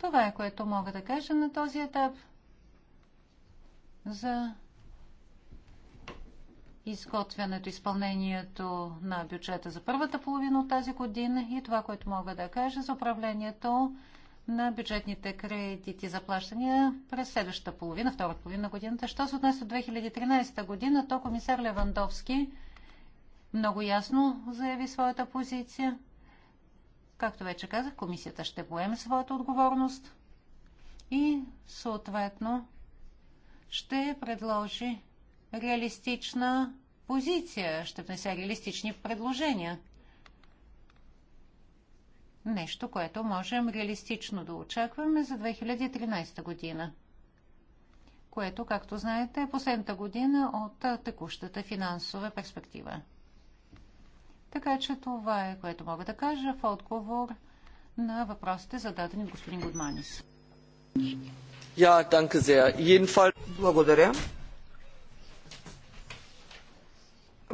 Това е което мога да кажа на този етап за изготвянето, изпълнението на бюджета за първата половина от тази година и това, което мога да кажа за управлението на бюджетните кредити за плащания през следващата половина, втората половина годината. Що се отнася до от 2013 година, то комисар Левандовски много ясно заяви своята позиция. Както вече казах, комисията ще поеме своята отговорност и съответно ще предложи реалистична позиция, ще внесе реалистични предложения – нещо, което можем реалистично да очакваме за 2013 година, което, както знаете, е последната година от текущата финансова перспектива. Така че това е, което мога да кажа в отговор на въпросите, зададени от господин Гудманис. Yeah, Благодаря.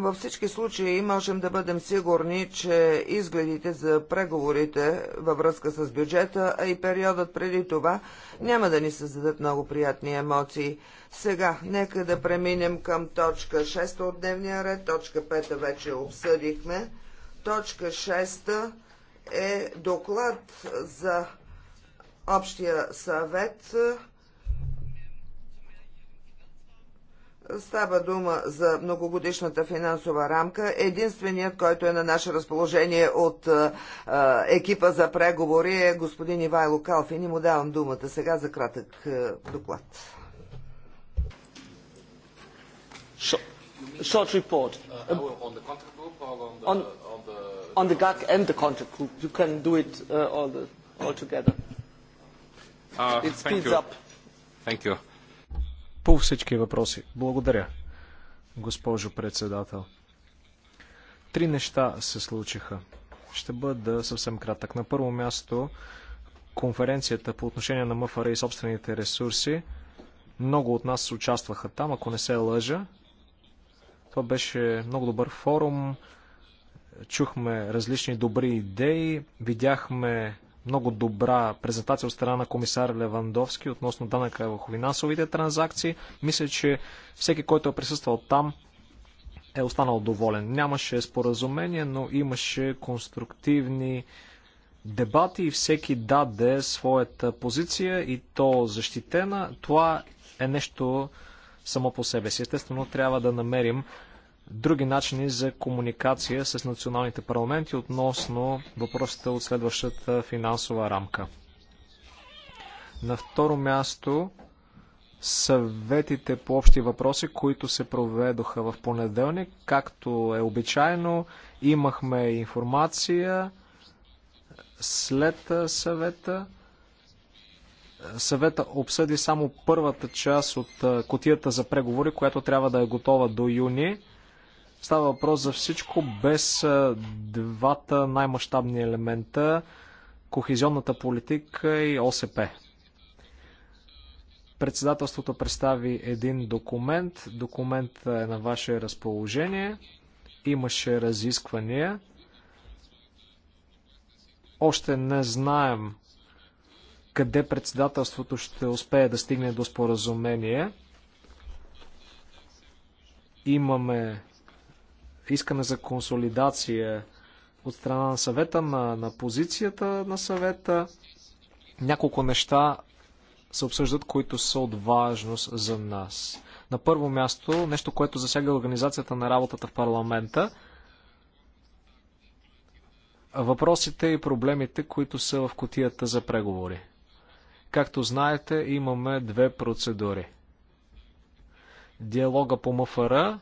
Във всички случаи можем да бъдем сигурни, че изгледите за преговорите във връзка с бюджета, а и периодът преди това, няма да ни създадат много приятни емоции. Сега, нека да преминем към точка 6 от дневния ред. Точка 5 вече обсъдихме. Точка 6 е доклад за Общия съвет Става дума за многогодишната финансова рамка. Единственият, който е на наше разположение от е, екипа за преговори е господин Ивайло Калфин и му давам думата сега за кратък е, доклад. Short report. Uh, on the contact group or on the, on, the... GAC and the contact group. You can do it uh, all, the, all together. Uh, it speeds up. Thank you по всички въпроси. Благодаря, госпожо председател. Три неща се случиха. Ще бъда съвсем кратък. На първо място, конференцията по отношение на МФР и собствените ресурси. Много от нас участваха там, ако не се лъжа. Това беше много добър форум. Чухме различни добри идеи, видяхме много добра презентация от страна на комисар Левандовски относно данъка върху финансовите транзакции. Мисля, че всеки, който е присъствал там, е останал доволен. Нямаше споразумение, но имаше конструктивни дебати и всеки даде своята позиция и то защитена. Това е нещо само по себе си. Естествено, трябва да намерим други начини за комуникация с националните парламенти относно въпросите от следващата финансова рамка. На второ място съветите по общи въпроси, които се проведоха в понеделник, както е обичайно, имахме информация след съвета. Съвета обсъди само първата част от котията за преговори, която трябва да е готова до юни. Става въпрос за всичко без двата най-мащабни елемента кохезионната политика и ОСП. Председателството представи един документ. Документ е на ваше разположение. Имаше разисквания. Още не знаем къде председателството ще успее да стигне до споразумение. Имаме искане за консолидация от страна на съвета, на, на позицията на съвета. Няколко неща се обсъждат, които са от важност за нас. На първо място, нещо, което засяга организацията на работата в парламента, въпросите и проблемите, които са в котията за преговори. Както знаете, имаме две процедури. Диалога по МФР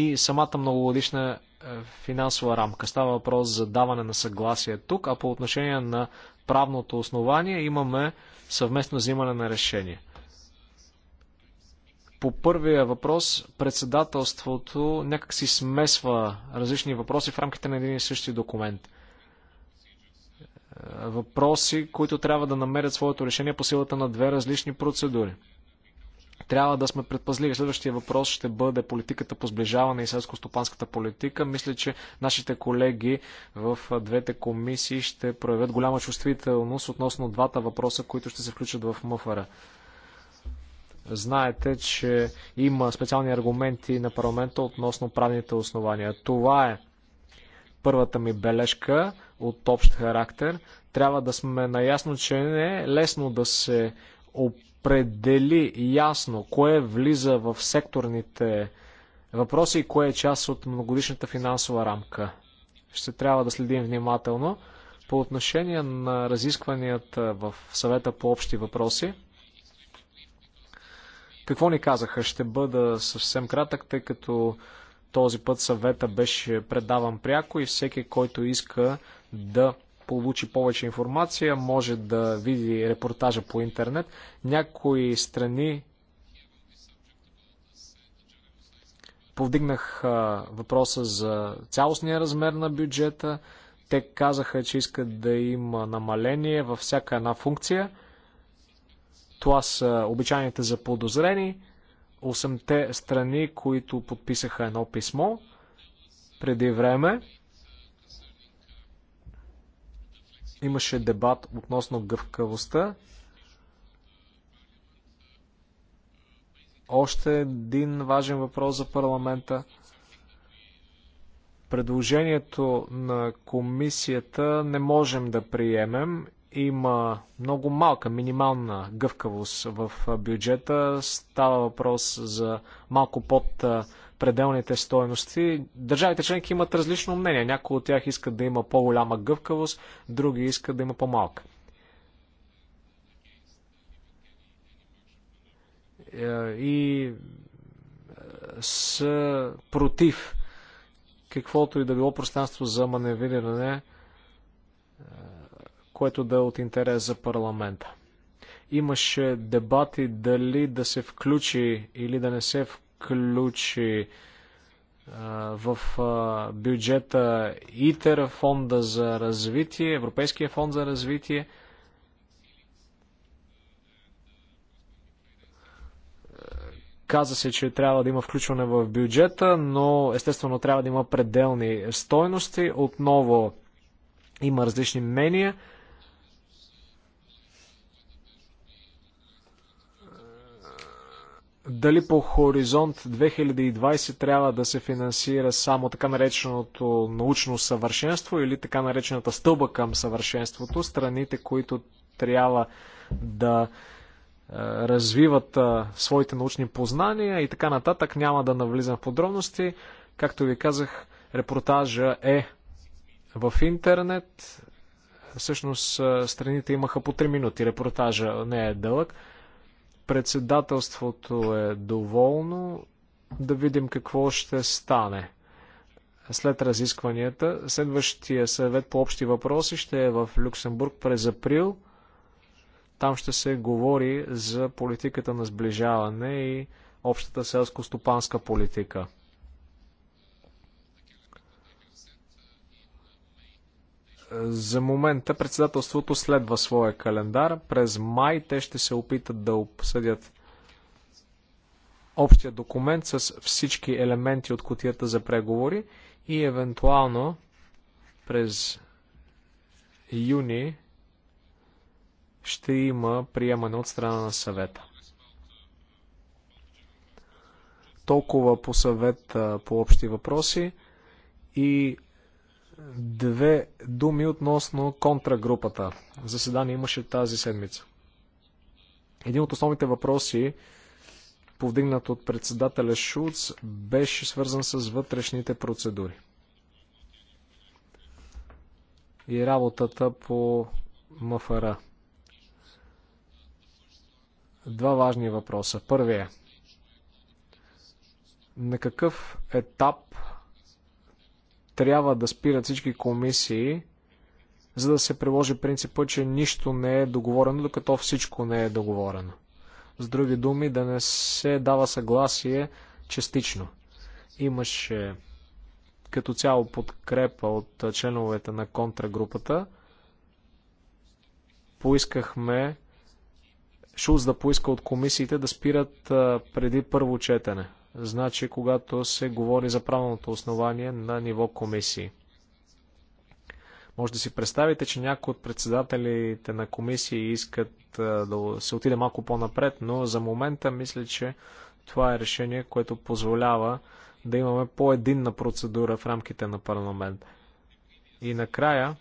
и самата многогодишна е, финансова рамка. Става въпрос за даване на съгласие тук, а по отношение на правното основание имаме съвместно взимане на решение. По първия въпрос, председателството някак си смесва различни въпроси в рамките на един и същи документ. Е, въпроси, които трябва да намерят своето решение по силата на две различни процедури трябва да сме предпазливи. Следващия въпрос ще бъде политиката по сближаване и селско-стопанската политика. Мисля, че нашите колеги в двете комисии ще проявят голяма чувствителност относно двата въпроса, които ще се включат в МФР. Знаете, че има специални аргументи на парламента относно правните основания. Това е първата ми бележка от общ характер. Трябва да сме наясно, че не е лесно да се определи ясно кое влиза в секторните въпроси и кое е част от многодишната финансова рамка. Ще трябва да следим внимателно. По отношение на разискванията в съвета по общи въпроси, какво ни казаха? Ще бъда съвсем кратък, тъй като този път съвета беше предаван пряко и всеки, който иска да получи повече информация, може да види репортажа по интернет. Някои страни повдигнах въпроса за цялостния размер на бюджета. Те казаха, че искат да има намаление във всяка една функция. Това са обичайните за подозрени. 8-те страни, които подписаха едно писмо преди време. Имаше дебат относно гъвкавостта. Още един важен въпрос за парламента. Предложението на комисията не можем да приемем. Има много малка, минимална гъвкавост в бюджета. Става въпрос за малко под пределните стоености. Държавите членки имат различно мнение. Някои от тях искат да има по-голяма гъвкавост, други искат да има по-малка. Е, и е, са против каквото и да било пространство за маневриране, е, което да е от интерес за парламента имаше дебати дали да се включи или да не се включи в бюджета ИТЕР, фонда за развитие, Европейския фонд за развитие. Каза се, че трябва да има включване в бюджета, но естествено трябва да има пределни стойности. Отново има различни мнения. дали по Хоризонт 2020 трябва да се финансира само така нареченото научно съвършенство или така наречената стълба към съвършенството, страните, които трябва да е, развиват е, своите научни познания и така нататък. Няма да навлизам в подробности. Както ви казах, репортажа е в интернет. Всъщност е, страните имаха по 3 минути. Репортажа не е дълъг. Председателството е доволно. Да видим какво ще стане след разискванията. Следващия съвет по общи въпроси ще е в Люксембург през април. Там ще се говори за политиката на сближаване и общата селско-стопанска политика. За момента председателството следва своя календар. През май те ще се опитат да обсъдят общия документ с всички елементи от котията за преговори и евентуално през юни ще има приемане от страна на съвета. Толкова по съвет по общи въпроси и две думи относно контрагрупата. Заседание имаше тази седмица. Един от основните въпроси, повдигнат от председателя Шуц, беше свързан с вътрешните процедури и работата по МФР. Два важни въпроса. Първият е, На какъв етап трябва да спират всички комисии, за да се приложи принципа, че нищо не е договорено, докато всичко не е договорено. С други думи, да не се дава съгласие частично. Имаше като цяло подкрепа от членовете на контрагрупата. Поискахме Шулц да поиска от комисиите да спират преди първо четене значи когато се говори за правилното основание на ниво комисии. Може да си представите, че някои от председателите на комисии искат да се отиде малко по-напред, но за момента мисля, че това е решение, което позволява да имаме по-единна процедура в рамките на парламент. И накрая,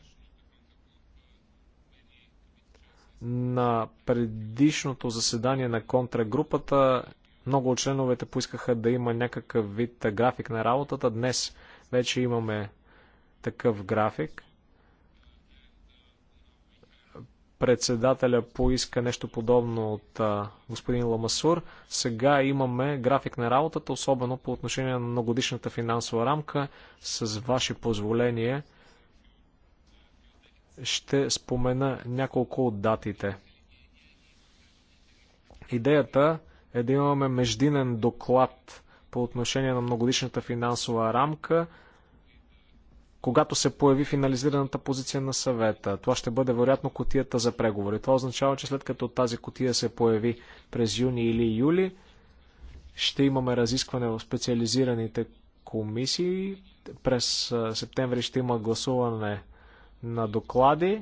на предишното заседание на контрагрупата много от членовете поискаха да има някакъв вид график на работата. Днес вече имаме такъв график. Председателя поиска нещо подобно от а, господин Ламасур. Сега имаме график на работата, особено по отношение на многодишната финансова рамка. С ваше позволение ще спомена няколко от датите. Идеята е да имаме междинен доклад по отношение на многодишната финансова рамка, когато се появи финализираната позиция на съвета. Това ще бъде вероятно котията за преговори. Това означава, че след като тази котия се появи през юни или юли, ще имаме разискване в специализираните комисии. През септември ще има гласуване на доклади.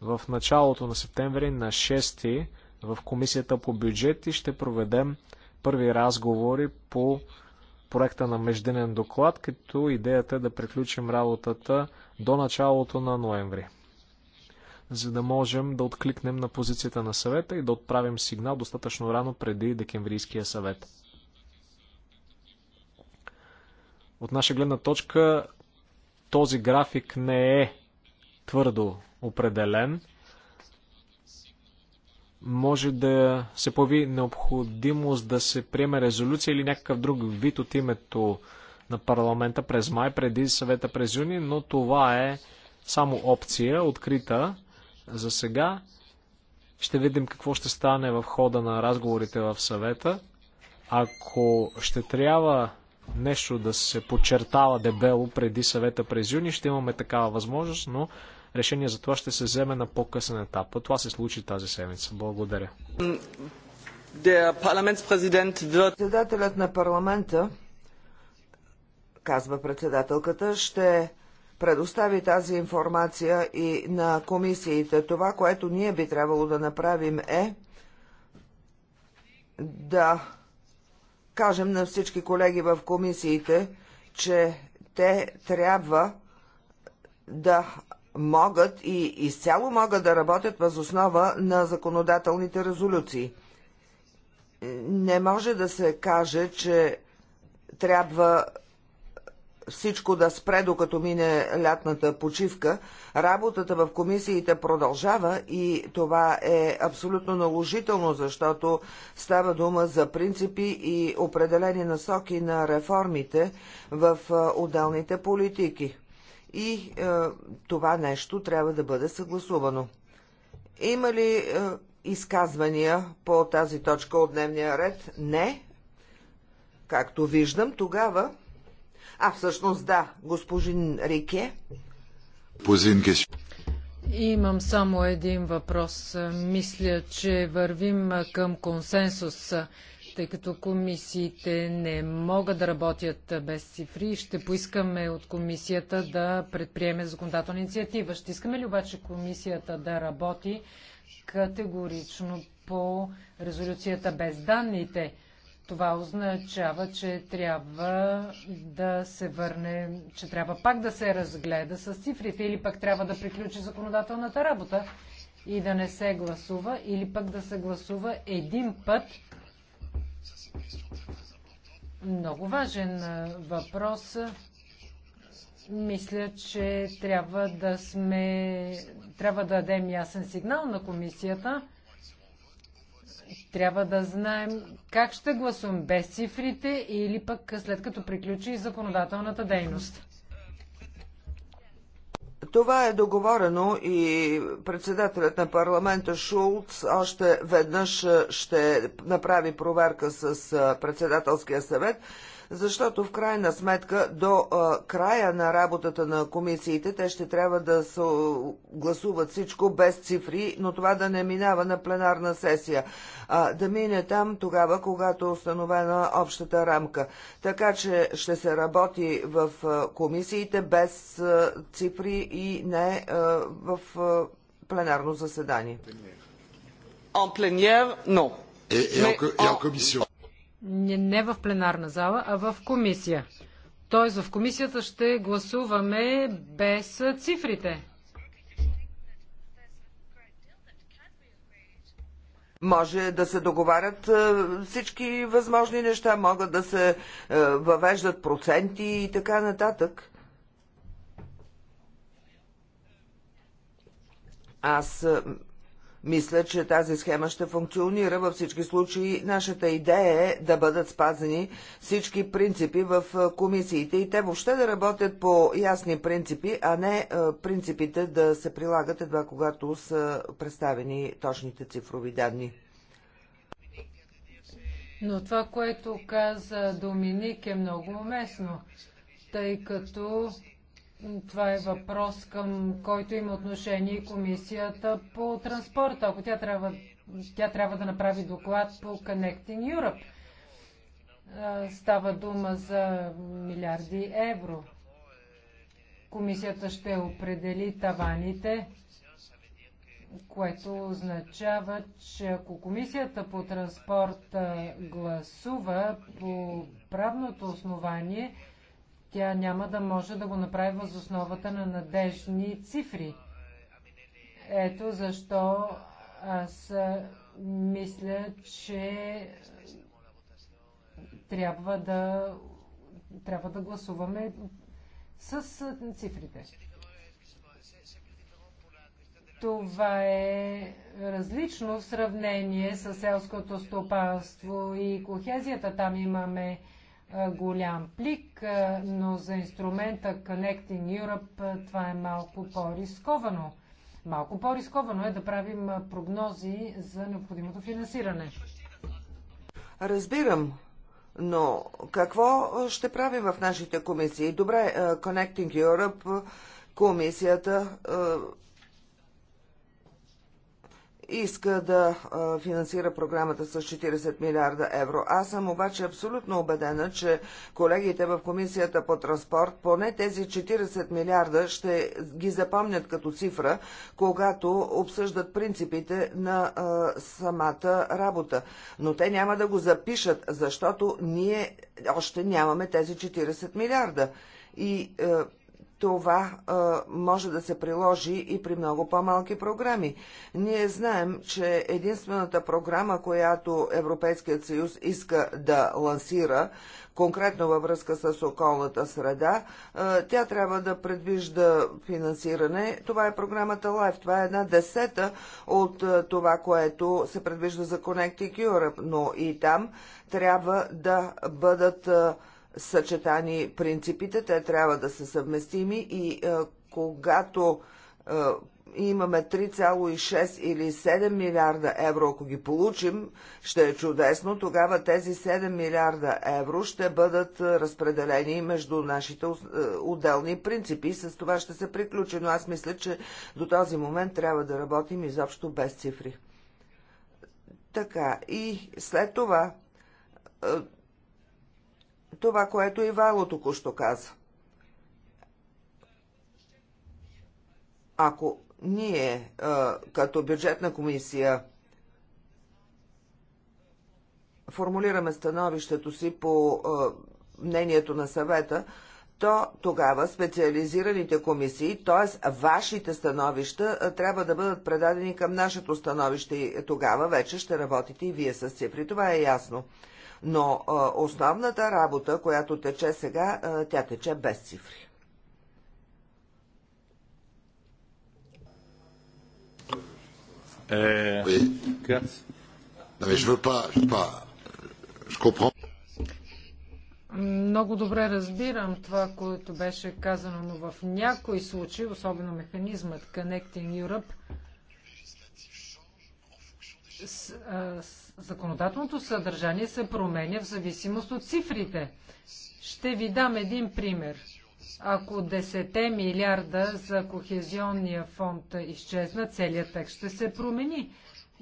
В началото на септември, на 6 в Комисията по бюджет и ще проведем първи разговори по проекта на междинен доклад, като идеята е да приключим работата до началото на ноември, за да можем да откликнем на позицията на съвета и да отправим сигнал достатъчно рано преди декемврийския съвет. От наша гледна точка този график не е твърдо определен – може да се появи необходимост да се приеме резолюция или някакъв друг вид от името на парламента през май, преди съвета през юни, но това е само опция, открита за сега. Ще видим какво ще стане в хода на разговорите в съвета. Ако ще трябва нещо да се подчертава дебело преди съвета през юни, ще имаме такава възможност, но Решение за това ще се вземе на по-късен етап. това се случи тази седмица. Благодаря. Председателят на парламента, казва председателката, ще предостави тази информация и на комисиите. Това, което ние би трябвало да направим е да кажем на всички колеги в комисиите, че те трябва да могат и изцяло могат да работят въз основа на законодателните резолюции. Не може да се каже, че трябва всичко да спре, докато мине лятната почивка. Работата в комисиите продължава и това е абсолютно наложително, защото става дума за принципи и определени насоки на реформите в отделните политики и е, това нещо трябва да бъде съгласувано. Има ли е, изказвания по тази точка от дневния ред? Не. Както виждам, тогава... А, всъщност да, госпожин Рике. Имам само един въпрос. Мисля, че вървим към консенсус тъй като комисиите не могат да работят без цифри. Ще поискаме от комисията да предприеме законодателна инициатива. Ще искаме ли обаче комисията да работи категорично по резолюцията без данните? Това означава, че трябва да се върне, че трябва пак да се разгледа с цифрите или пък трябва да приключи законодателната работа и да не се гласува, или пък да се гласува един път много важен въпрос. Мисля, че трябва да сме, трябва да дадем ясен сигнал на комисията. Трябва да знаем как ще гласуем без цифрите или пък след като приключи законодателната дейност. Това е договорено и председателят на парламента Шулц още веднъж ще направи проверка с председателския съвет защото в крайна сметка до края на работата на комисиите те ще трябва да се гласуват всичко без цифри, но това да не минава на пленарна сесия, а да мине там тогава, когато е установена общата рамка. Така че ще се работи в комисиите без цифри и не в пленарно заседание. En plénière, non. Et, et, Mais en, et en commission. Не, не в пленарна зала, а в комисия. Тоест в комисията ще гласуваме без цифрите. Може да се договарят е, всички възможни неща, могат да се е, въвеждат проценти и така нататък. Аз е, мисля, че тази схема ще функционира. Във всички случаи нашата идея е да бъдат спазени всички принципи в комисиите и те въобще да работят по ясни принципи, а не принципите да се прилагат едва когато са представени точните цифрови данни. Но това, което каза Доминик е много уместно, тъй като това е въпрос, към който има отношение и комисията по транспорта. Ако тя трябва, тя трябва да направи доклад по Connecting Europe. Става дума за милиарди евро. Комисията ще определи таваните, което означава, че ако комисията по транспорт гласува по правното основание, тя няма да може да го направи въз основата на надежни цифри. Ето защо аз мисля, че трябва да, трябва да гласуваме с цифрите. Това е различно в сравнение с селското стопанство и кохезията. Там имаме е, голям плик, е, но за инструмента Connecting Europe е, това е малко по-рисковано. Малко по-рисковано е да правим прогнози за необходимото финансиране. Разбирам, но какво ще правим в нашите комисии? Добре, Connecting Europe, комисията иска да финансира програмата с 40 милиарда евро. Аз съм обаче абсолютно убедена, че колегите в Комисията по транспорт поне тези 40 милиарда ще ги запомнят като цифра, когато обсъждат принципите на а, самата работа. Но те няма да го запишат, защото ние още нямаме тези 40 милиарда. И а, е, това а, може да се приложи и при много по-малки програми. Ние знаем, че единствената програма, която Европейският съюз иска да лансира, конкретно във връзка с околната среда, а, тя трябва да предвижда финансиране. Това е програмата LIFE. Това е една десета от а, това, което се предвижда за Connecting Europe, но и там трябва да бъдат а, съчетани принципите, те трябва да са съвместими и а, е, когато а, е, имаме 3,6 или 7 милиарда евро, ако ги получим, ще е чудесно, тогава тези 7 милиарда евро ще бъдат е, разпределени между нашите отделни принципи. С това ще се приключи, но аз мисля, че до този момент трябва да работим изобщо без цифри. Така, и след това това, което и Вайло току-що каза. Ако ние е, като бюджетна комисия формулираме становището си по е, мнението на съвета, то тогава специализираните комисии, т.е. вашите становища, е, трябва да бъдат предадени към нашето становище и тогава вече ще работите и вие с цифри. Това е ясно. Но основната работа, която тече сега, тя тече без цифри. Е... Много добре разбирам това, което беше казано, но в някои случаи, особено механизмът Connecting Europe, законодателното съдържание се променя в зависимост от цифрите. Ще ви дам един пример. Ако 10 милиарда за кохезионния фонд изчезна, целият текст ще се промени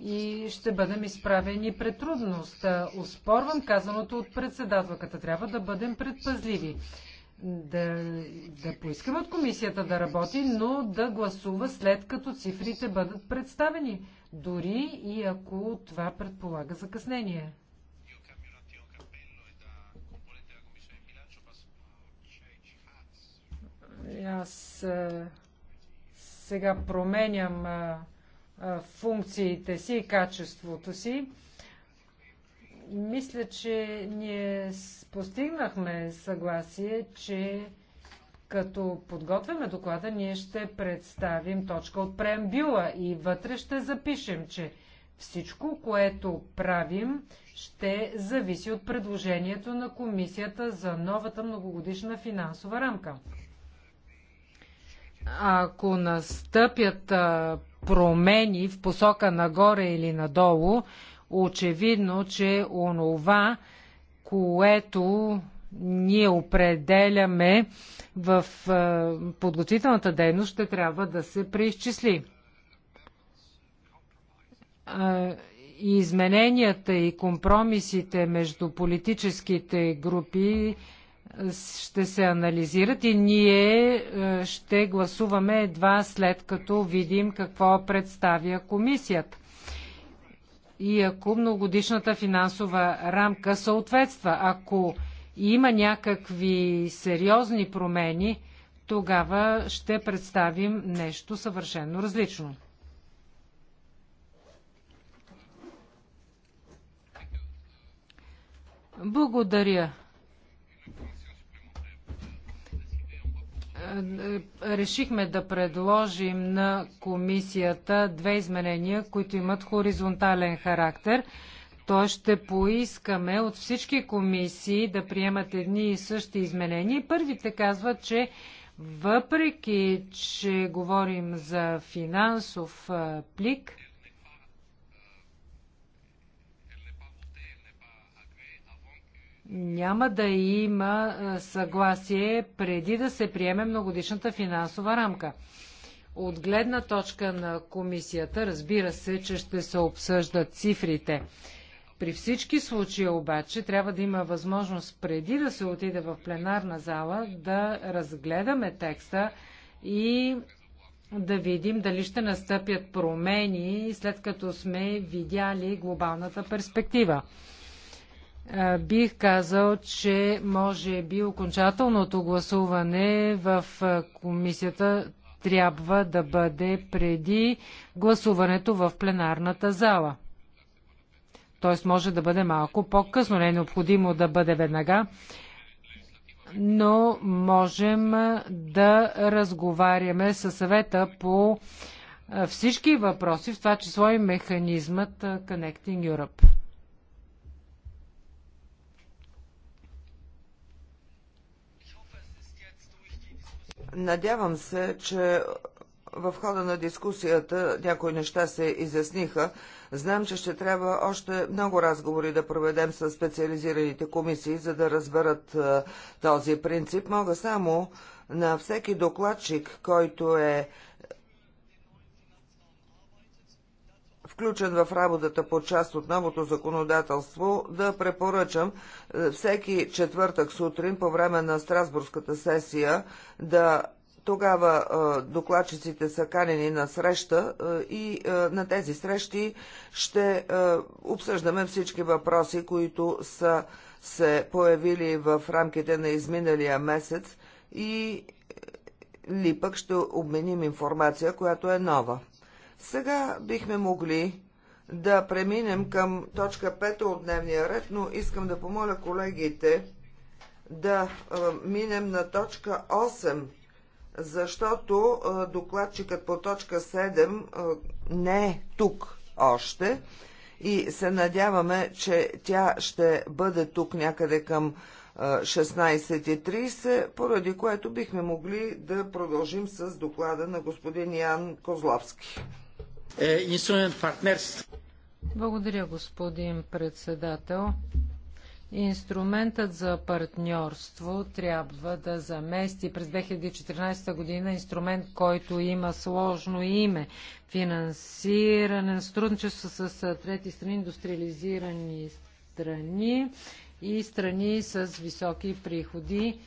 и ще бъдем изправени пред трудност. Оспорвам казаното от председателката. Трябва да бъдем предпазливи. Да, да поискаме от комисията да работи, но да гласува след като цифрите бъдат представени дори и ако това предполага закъснение. Аз сега променям функциите си и качеството си. Мисля, че ние постигнахме съгласие, че като подготвяме доклада, ние ще представим точка от преамбюла и вътре ще запишем, че всичко, което правим, ще зависи от предложението на комисията за новата многогодишна финансова рамка. Ако настъпят промени в посока нагоре или надолу, очевидно, че онова, което ние определяме в е, подготвителната дейност, ще трябва да се преизчисли. И е, измененията и компромисите между политическите групи е, ще се анализират и ние ще гласуваме едва след като видим какво представя комисията. И ако многодишната финансова рамка съответства, ако и има някакви сериозни промени, тогава ще представим нещо съвършено различно. Благодаря. решихме да предложим на комисията две изменения, които имат хоризонтален характер. Той ще поискаме от всички комисии да приемат едни и същи изменения. Първите казват, че въпреки, че говорим за финансов плик, няма да има съгласие преди да се приеме многодишната финансова рамка. От гледна точка на комисията, разбира се, че ще се обсъждат цифрите. При всички случаи обаче трябва да има възможност преди да се отиде в пленарна зала да разгледаме текста и да видим дали ще настъпят промени, след като сме видяли глобалната перспектива. Бих казал, че може би окончателното гласуване в комисията трябва да бъде преди гласуването в пленарната зала т.е. може да бъде малко по-късно, не е необходимо да бъде веднага, но можем да разговаряме със съвета по всички въпроси, в това число и механизмът Connecting Europe. Надявам се, че в хода на дискусията някои неща се изясниха. Знам, че ще трябва още много разговори да проведем с специализираните комисии, за да разберат е, този принцип. Мога само на всеки докладчик, който е включен в работата по част от новото законодателство, да препоръчам е, всеки четвъртък сутрин по време на Страсбургската сесия да тогава докладчиците са канени на среща и на тези срещи ще обсъждаме всички въпроси, които са се появили в рамките на изминалия месец и ли пък ще обменим информация, която е нова. Сега бихме могли да преминем към точка 5 от дневния ред, но искам да помоля колегите да минем на точка 8 защото докладчикът по точка 7 не е тук още и се надяваме, че тя ще бъде тук някъде към 16.30, поради което бихме могли да продължим с доклада на господин Ян Козловски. Е, инструмент партнерство. Благодаря, господин председател. Инструментът за партньорство трябва да замести през 2014 година инструмент, който има сложно име – финансиране на сътрудничество с трети страни, индустриализирани страни и страни с високи приходи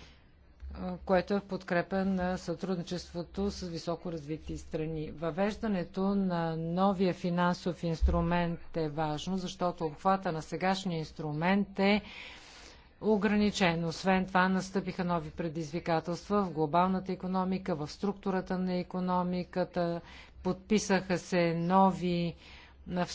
което е в подкрепа на сътрудничеството с високо развити страни. Въвеждането на новия финансов инструмент е важно, защото обхвата на сегашния инструмент е ограничен. Освен това настъпиха нови предизвикателства в глобалната економика, в структурата на економиката, подписаха се нови на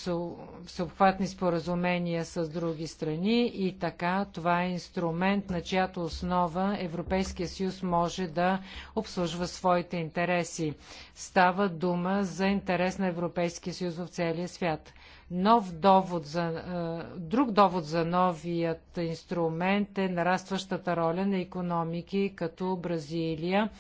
всеобхватни споразумения с други страни и така това е инструмент, на чиято основа Европейския съюз може да обслужва своите интереси. Става дума за интерес на Европейския съюз в целия свят. Нов довод за, е, друг довод за новият инструмент е нарастващата роля на економики като Бразилия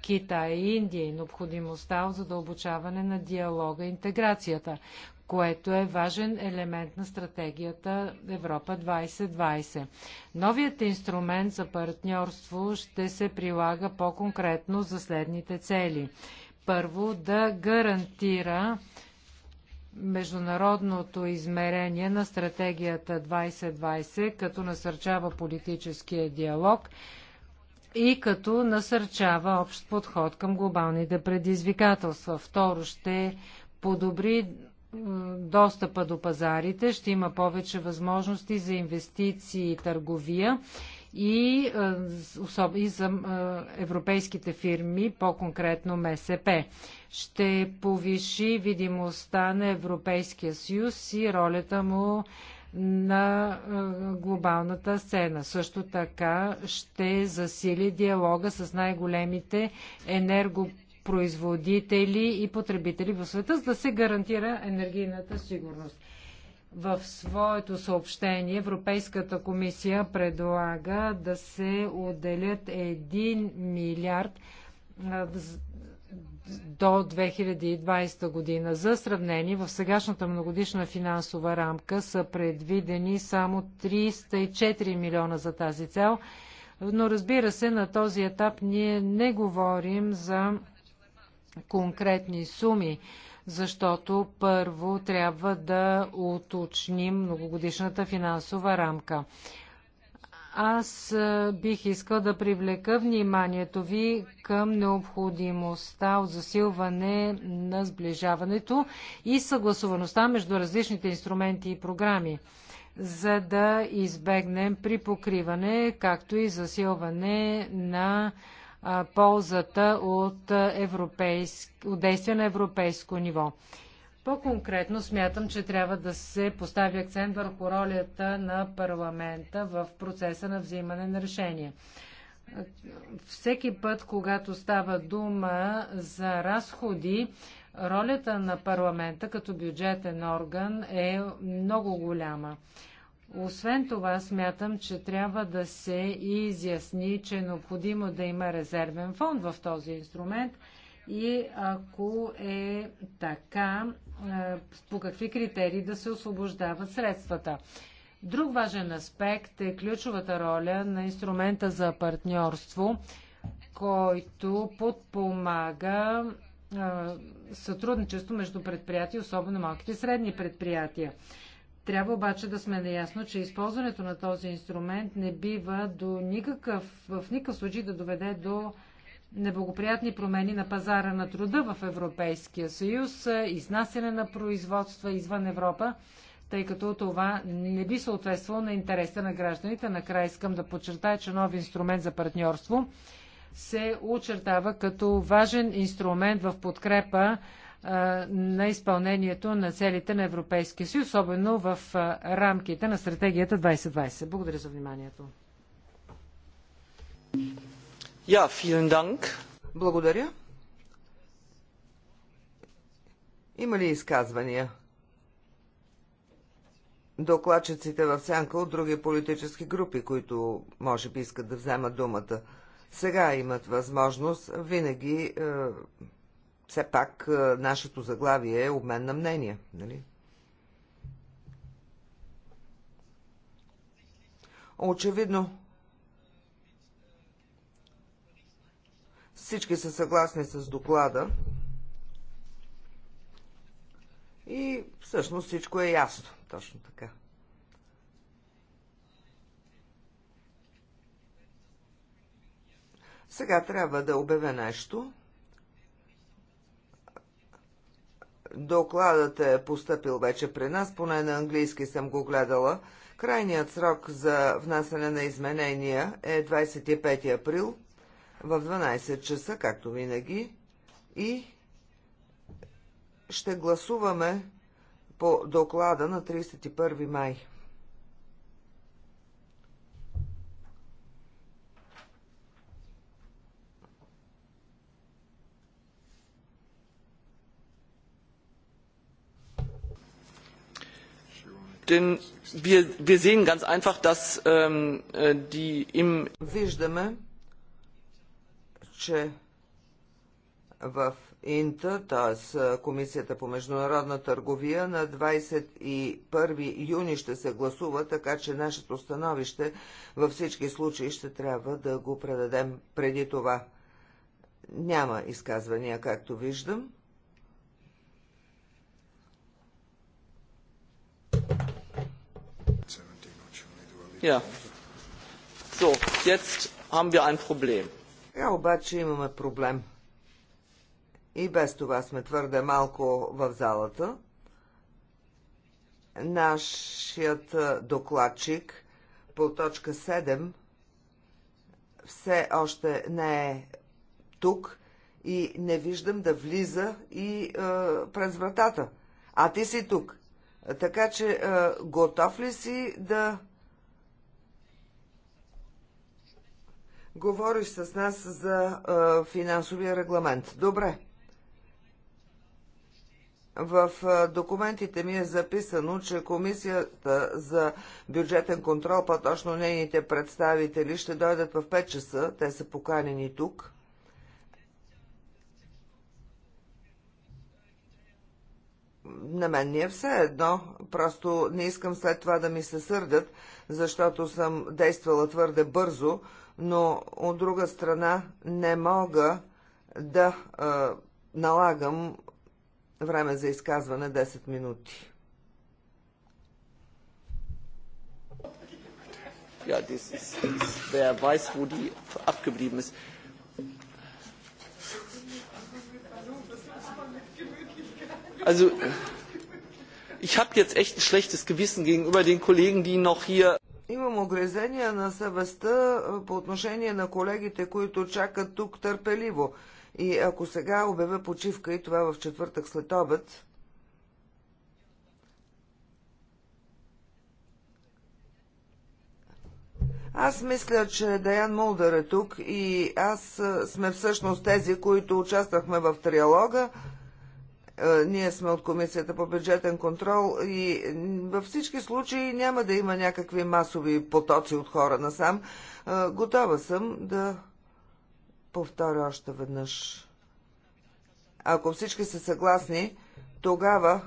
Китай и Индия и необходимостта от задълбочаване на диалога и интеграцията което е важен елемент на стратегията Европа 2020. Новият инструмент за партньорство ще се прилага по-конкретно за следните цели. Първо, да гарантира международното измерение на стратегията 2020, като насърчава политическия диалог и като насърчава общ подход към глобалните предизвикателства. Второ, ще подобри достъпа до пазарите, ще има повече възможности за инвестиции и търговия и, и за европейските фирми, по-конкретно МСП. Ще повиши видимостта на Европейския съюз и ролята му на глобалната сцена. Също така ще засили диалога с най-големите енергопроизводители производители и потребители в света, за да се гарантира енергийната сигурност. В своето съобщение Европейската комисия предлага да се отделят 1 милиард до 2020 година. За сравнение, в сегашната многодишна финансова рамка са предвидени само 304 милиона за тази цел, но разбира се, на този етап ние не говорим за конкретни суми, защото първо трябва да уточним многогодишната финансова рамка. Аз бих искал да привлека вниманието ви към необходимостта от засилване на сближаването и съгласуваността между различните инструменти и програми, за да избегнем припокриване, както и засилване на ползата от, европейск... от действия на европейско ниво. По-конкретно смятам, че трябва да се постави акцент върху ролята на парламента в процеса на взимане на решения. Всеки път, когато става дума за разходи, ролята на парламента като бюджетен орган е много голяма. Освен това, смятам, че трябва да се изясни, че е необходимо да има резервен фонд в този инструмент и ако е така, е, по какви критерии да се освобождават средствата. Друг важен аспект е ключовата роля на инструмента за партньорство, който подпомага е, сътрудничество между предприятия, особено малките и средни предприятия. Трябва обаче да сме наясно, че използването на този инструмент не бива до никакъв, в никакъв случай да доведе до неблагоприятни промени на пазара на труда в Европейския съюз, изнасяне на производства извън Европа, тъй като това не би съответствало на интереса на гражданите. Накрая искам да подчертая, че нов инструмент за партньорство се очертава като важен инструмент в подкрепа на изпълнението на целите на Европейския съюз, особено в рамките на стратегията 2020. Благодаря за вниманието. Ja, vielen Dank. Благодаря. Има ли изказвания? Докладчиците в сянка от други политически групи, които може би искат да вземат думата, сега имат възможност. Винаги е, все пак е, нашето заглавие е обмен на мнения. Нали? Очевидно, всички са съгласни с доклада и всъщност всичко е ясно. Точно така. Сега трябва да обявя нещо. Докладът е поступил вече при нас, поне на английски съм го гледала. Крайният срок за внасяне на изменения е 25 април в 12 часа, както винаги. И ще гласуваме по доклада на 31 май. wir, sehen ganz einfach, dass ähm, äh, die im Виждаме, че в Инта, т.е. Комисията по международна търговия, на 21 юни ще се гласува, така че нашето становище във всички случаи ще трябва да го предадем преди това. Няма изказвания, както виждам. So, jetzt haben wir ein Problem. Ja, обаче имаме проблем. И без това сме твърде малко в залата. Нашият докладчик по точка 7 все още не е тук и не виждам да влиза и е, през вратата. А ти си тук. Така че е, готов ли си да говориш с нас за а, финансовия регламент. Добре. В а, документите ми е записано, че Комисията за бюджетен контрол, по-точно нейните представители, ще дойдат в 5 часа. Те са поканени тук. на мен не е все едно, просто не искам след това да ми се сърдат, защото съм действала твърде бързо, но от друга страна не мога да а, налагам време за изказване 10 минути. Ja, das ist, ist, wer weiß, wo die abgeblieben ist. Also, ich habe jetzt echt ein schlechtes Gewissen gegenüber den Kollegen, die noch hier имам огрезения на съвестта по отношение на колегите, които чакат тук търпеливо. И ако сега обявя почивка и това в четвъртък след обед, Аз мисля, че Даян Молдър е тук и аз сме всъщност тези, които участвахме в триалога. Е, ние сме от Комисията по бюджетен контрол и във всички случаи няма да има някакви масови потоци от хора насам. Е, готова съм да повторя още веднъж. Ако всички са съгласни, тогава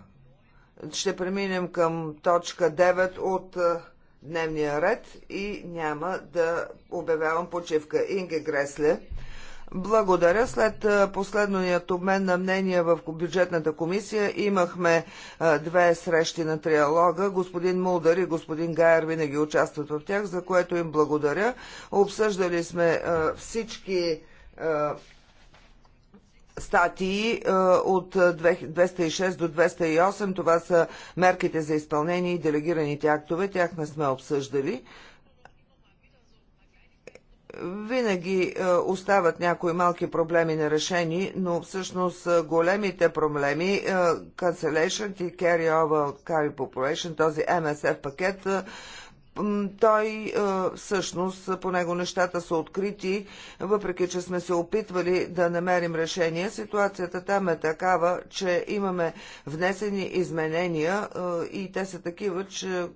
ще преминем към точка 9 от е, дневния ред и няма да обявявам почивка. Инге Гресле. Благодаря. След последният обмен на мнения в бюджетната комисия имахме две срещи на триалога. Господин Мулдър и господин Гайер винаги участват в тях, за което им благодаря. Обсъждали сме всички статии от 206 до 208. Това са мерките за изпълнение и делегираните актове. Тях не сме обсъждали винаги е, остават някои малки проблеми нерешени, но всъщност е, големите проблеми, е, cancellation и carry over carry population, този msf пакет, той всъщност по него нещата са открити, въпреки че сме се опитвали да намерим решение. Ситуацията там е такава, че имаме внесени изменения и те са такива, че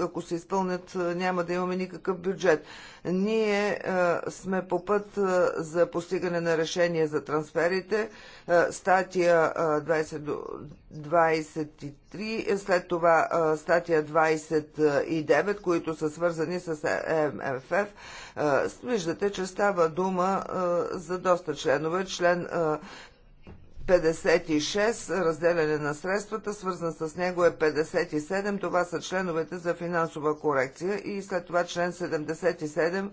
ако се изпълнят няма да имаме никакъв бюджет. Ние сме по път за постигане на решение за трансферите. Статия 20, 23, след това статия 29 бюджет, които са свързани с МФФ, виждате, че става дума за доста членове. Член 56, разделяне на средствата, свързан с него е 57, това са членовете за финансова корекция и след това член 77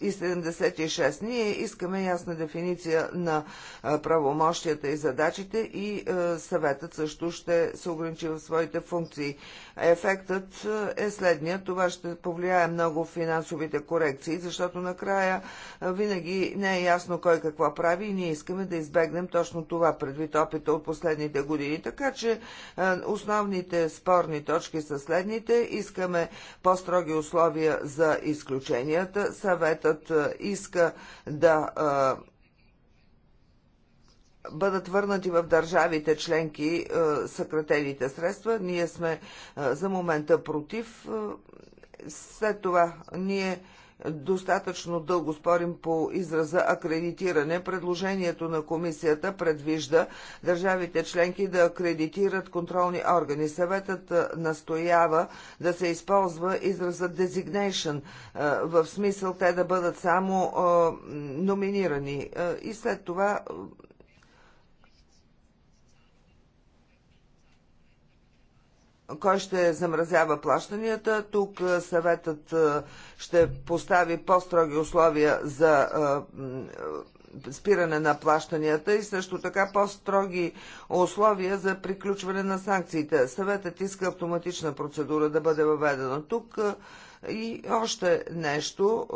и 76. Ние искаме ясна дефиниция на правомощията и задачите и съветът също ще се ограничи в своите функции. Ефектът е следния. Това ще повлияе много в финансовите корекции, защото накрая винаги не е ясно кой какво прави и ние искаме да избегнем точно това предвид опита от последните години. Така че основните спорни точки са следните. Искаме по-строги условия за изключенията. Съвет съветът иска да бъдат върнати в държавите членки съкратените средства. Ние сме за момента против. След това ние достатъчно дълго спорим по израза акредитиране. Предложението на комисията предвижда държавите членки да акредитират контролни органи. Съветът настоява да се използва израза designation, в смисъл те да бъдат само номинирани. И след това кой ще замразява плащанията. Тук съветът ще постави по-строги условия за спиране на плащанията и също така по-строги условия за приключване на санкциите. Съветът иска автоматична процедура да бъде въведена тук. И още нещо.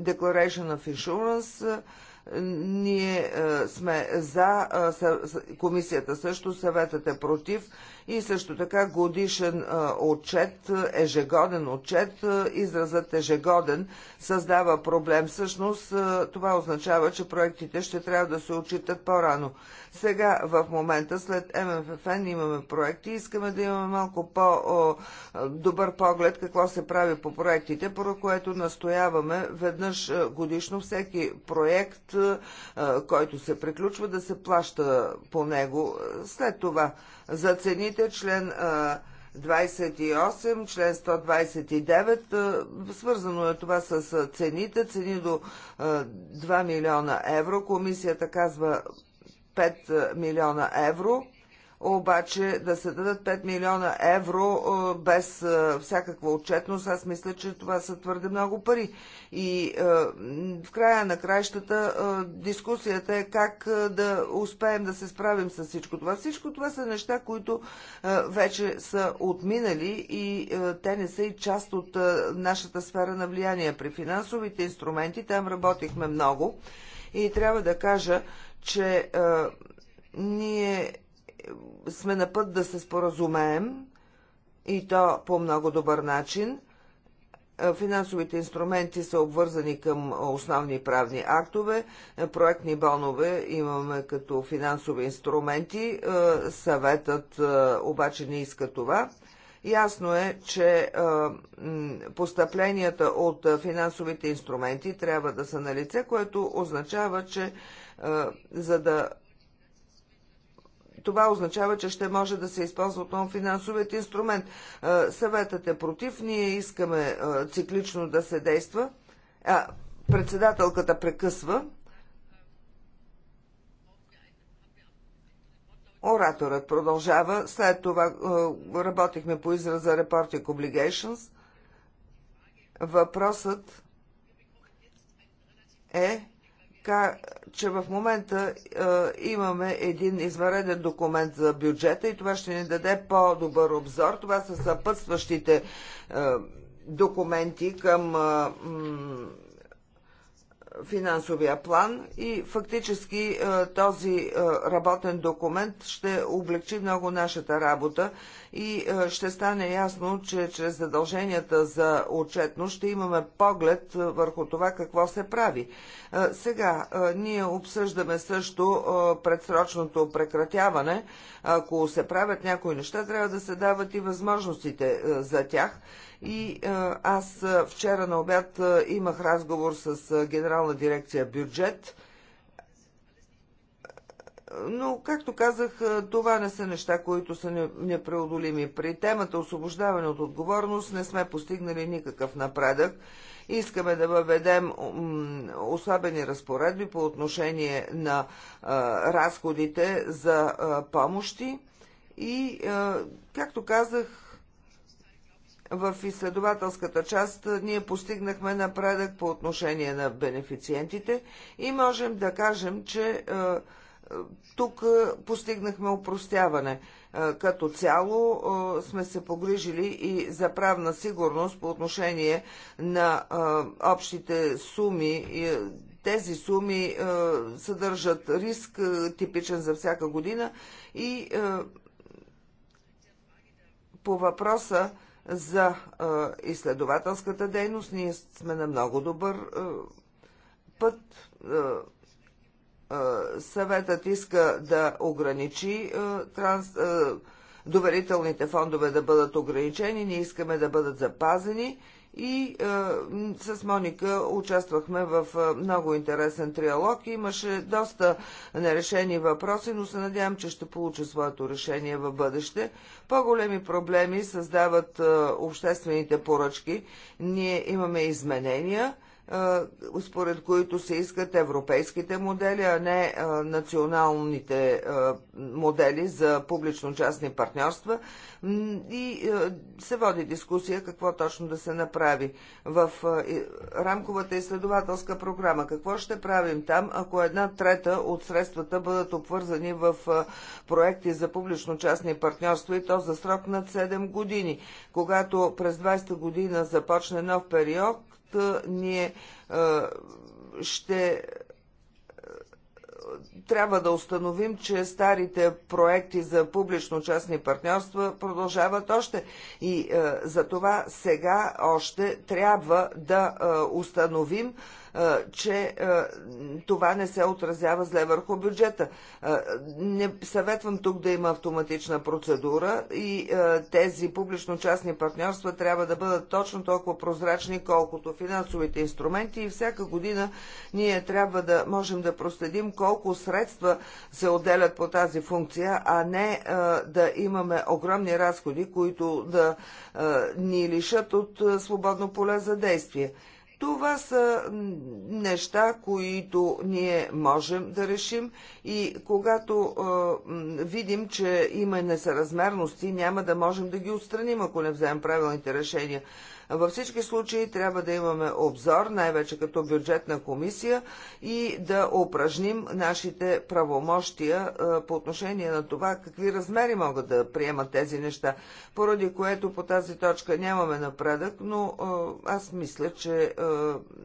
Declaration of Insurance – ние е, сме за, е, комисията също, съветът е против и също така годишен е, отчет, ежегоден отчет, изразът ежегоден създава проблем. Всъщност това означава, че проектите ще трябва да се отчитат по-рано. Сега в момента след МФФН имаме проекти и искаме да имаме малко по-добър поглед какво се прави по проектите, по което настояваме веднъж годишно всеки проект който се приключва, да се плаща по него. След това за цените член 28, член 129. Свързано е това с цените. Цени до 2 милиона евро. Комисията казва 5 милиона евро обаче да се дадат 5 милиона евро е, без е, всякаква отчетност, аз мисля, че това са твърде много пари. И е, в края на краищата дискусията е как да успеем да се справим с всичко това. Всичко това са неща, които вече са отминали и те не са и част от нашата сфера на влияние. При финансовите инструменти там работихме много и трябва да кажа, че ние сме на път да се споразумеем и то по много добър начин. Е, финансовите инструменти са обвързани към основни правни актове. Е, проектни бонове имаме като финансови инструменти. Е, съветът обаче не иска това. Ясно е, че постъпленията от финансовите инструменти трябва да са на лице, което означава, че за да това означава, че ще може да се използва отново финансовият инструмент. Е, съветът е против, ние искаме е, циклично да се действа. председателката прекъсва. Ораторът продължава. След това е, работихме по израза Reporting Obligations. Въпросът е така че в момента е, имаме един извареден документ за бюджета и това ще ни даде по-добър обзор. Това са съпътстващите е, документи към. Е, финансовия план и фактически е, този е, работен документ ще облегчи много нашата работа и е, ще стане ясно, че чрез задълженията за отчетност ще имаме поглед върху това какво се прави. Сега ние обсъждаме също предсрочното прекратяване. Ако се правят някои неща, трябва да се дават и възможностите за тях. И аз вчера на обяд имах разговор с генерална дирекция бюджет. Но, както казах, това не са неща, които са непреодолими. При темата освобождаване от отговорност не сме постигнали никакъв напредък. Искаме да въведем особени разпоредби по отношение на разходите за помощи. И, както казах, в изследователската част ние постигнахме напредък по отношение на бенефициентите и можем да кажем, че тук постигнахме упростяване. Като цяло сме се погрижили и за правна сигурност по отношение на общите суми. Тези суми съдържат риск, типичен за всяка година и по въпроса за изследователската дейност. Ние сме на много добър път. Съветът иска да ограничи транс, доверителните фондове да бъдат ограничени, ние искаме да бъдат запазени и е, с Моника участвахме в е, много интересен триалог. Имаше доста нерешени въпроси, но се надявам, че ще получа своето решение в бъдеще. По-големи проблеми създават е, обществените поръчки. Ние имаме изменения според които се искат европейските модели, а не националните модели за публично-частни партньорства. И се води дискусия какво точно да се направи в рамковата изследователска програма. Какво ще правим там, ако една трета от средствата бъдат обвързани в проекти за публично-частни партньорства и то за срок над 7 години. Когато през 20 та година започне нов период, ние ще трябва да установим, че старите проекти за публично-частни партньорства продължават още. И за това сега още трябва да установим че това не се отразява зле върху бюджета. Не съветвам тук да има автоматична процедура и тези публично-частни партньорства трябва да бъдат точно толкова прозрачни, колкото финансовите инструменти и всяка година ние трябва да можем да проследим колко средства се отделят по тази функция, а не да имаме огромни разходи, които да ни лишат от свободно поле за действие. Това са неща, които ние можем да решим и когато е, видим, че има несъразмерности, няма да можем да ги отстраним, ако не вземем правилните решения. Във всички случаи трябва да имаме обзор, най-вече като бюджетна комисия и да упражним нашите правомощия по отношение на това какви размери могат да приемат тези неща, поради което по тази точка нямаме напредък, но аз мисля, че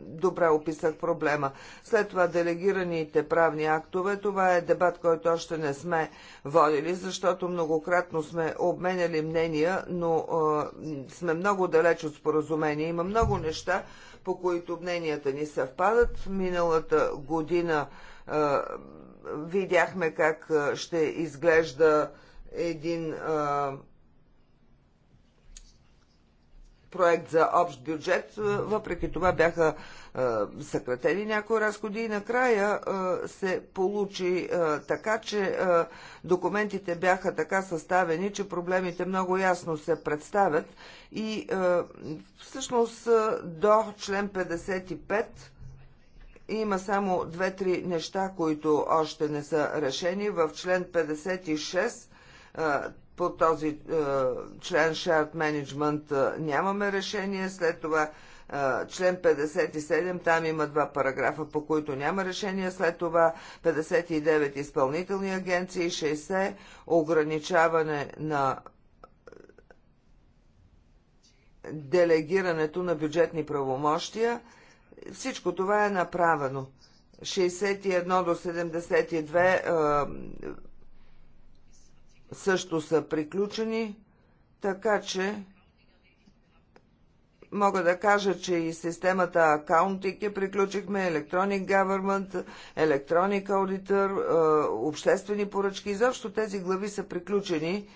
добре описах проблема. След това делегираните правни актове, това е дебат, който още не сме водили, защото многократно сме обменяли мнения, но сме много далеч от споразумение. Има много неща, по които мненията ни съвпадат. Миналата година видяхме как ще изглежда един проект за общ бюджет, е, въпреки това бяха е, съкратени някои разходи и накрая е, се получи така, че документите бяха така съставени, че проблемите много ясно се представят и всъщност до член 55 има само две-три неща, които още не са решени. В член 56 по този е, член Shared Management е, нямаме решение, след това е, член 57, там има два параграфа, по които няма решение, след това 59 изпълнителни агенции, 60 ограничаване на делегирането на бюджетни правомощия. Всичко това е направено. 61 до 72 също са приключени, така че мога да кажа, че и системата Accounting приключихме, Electronic Government, Electronic Auditor, е, обществени поръчки. Изобщо тези глави са приключени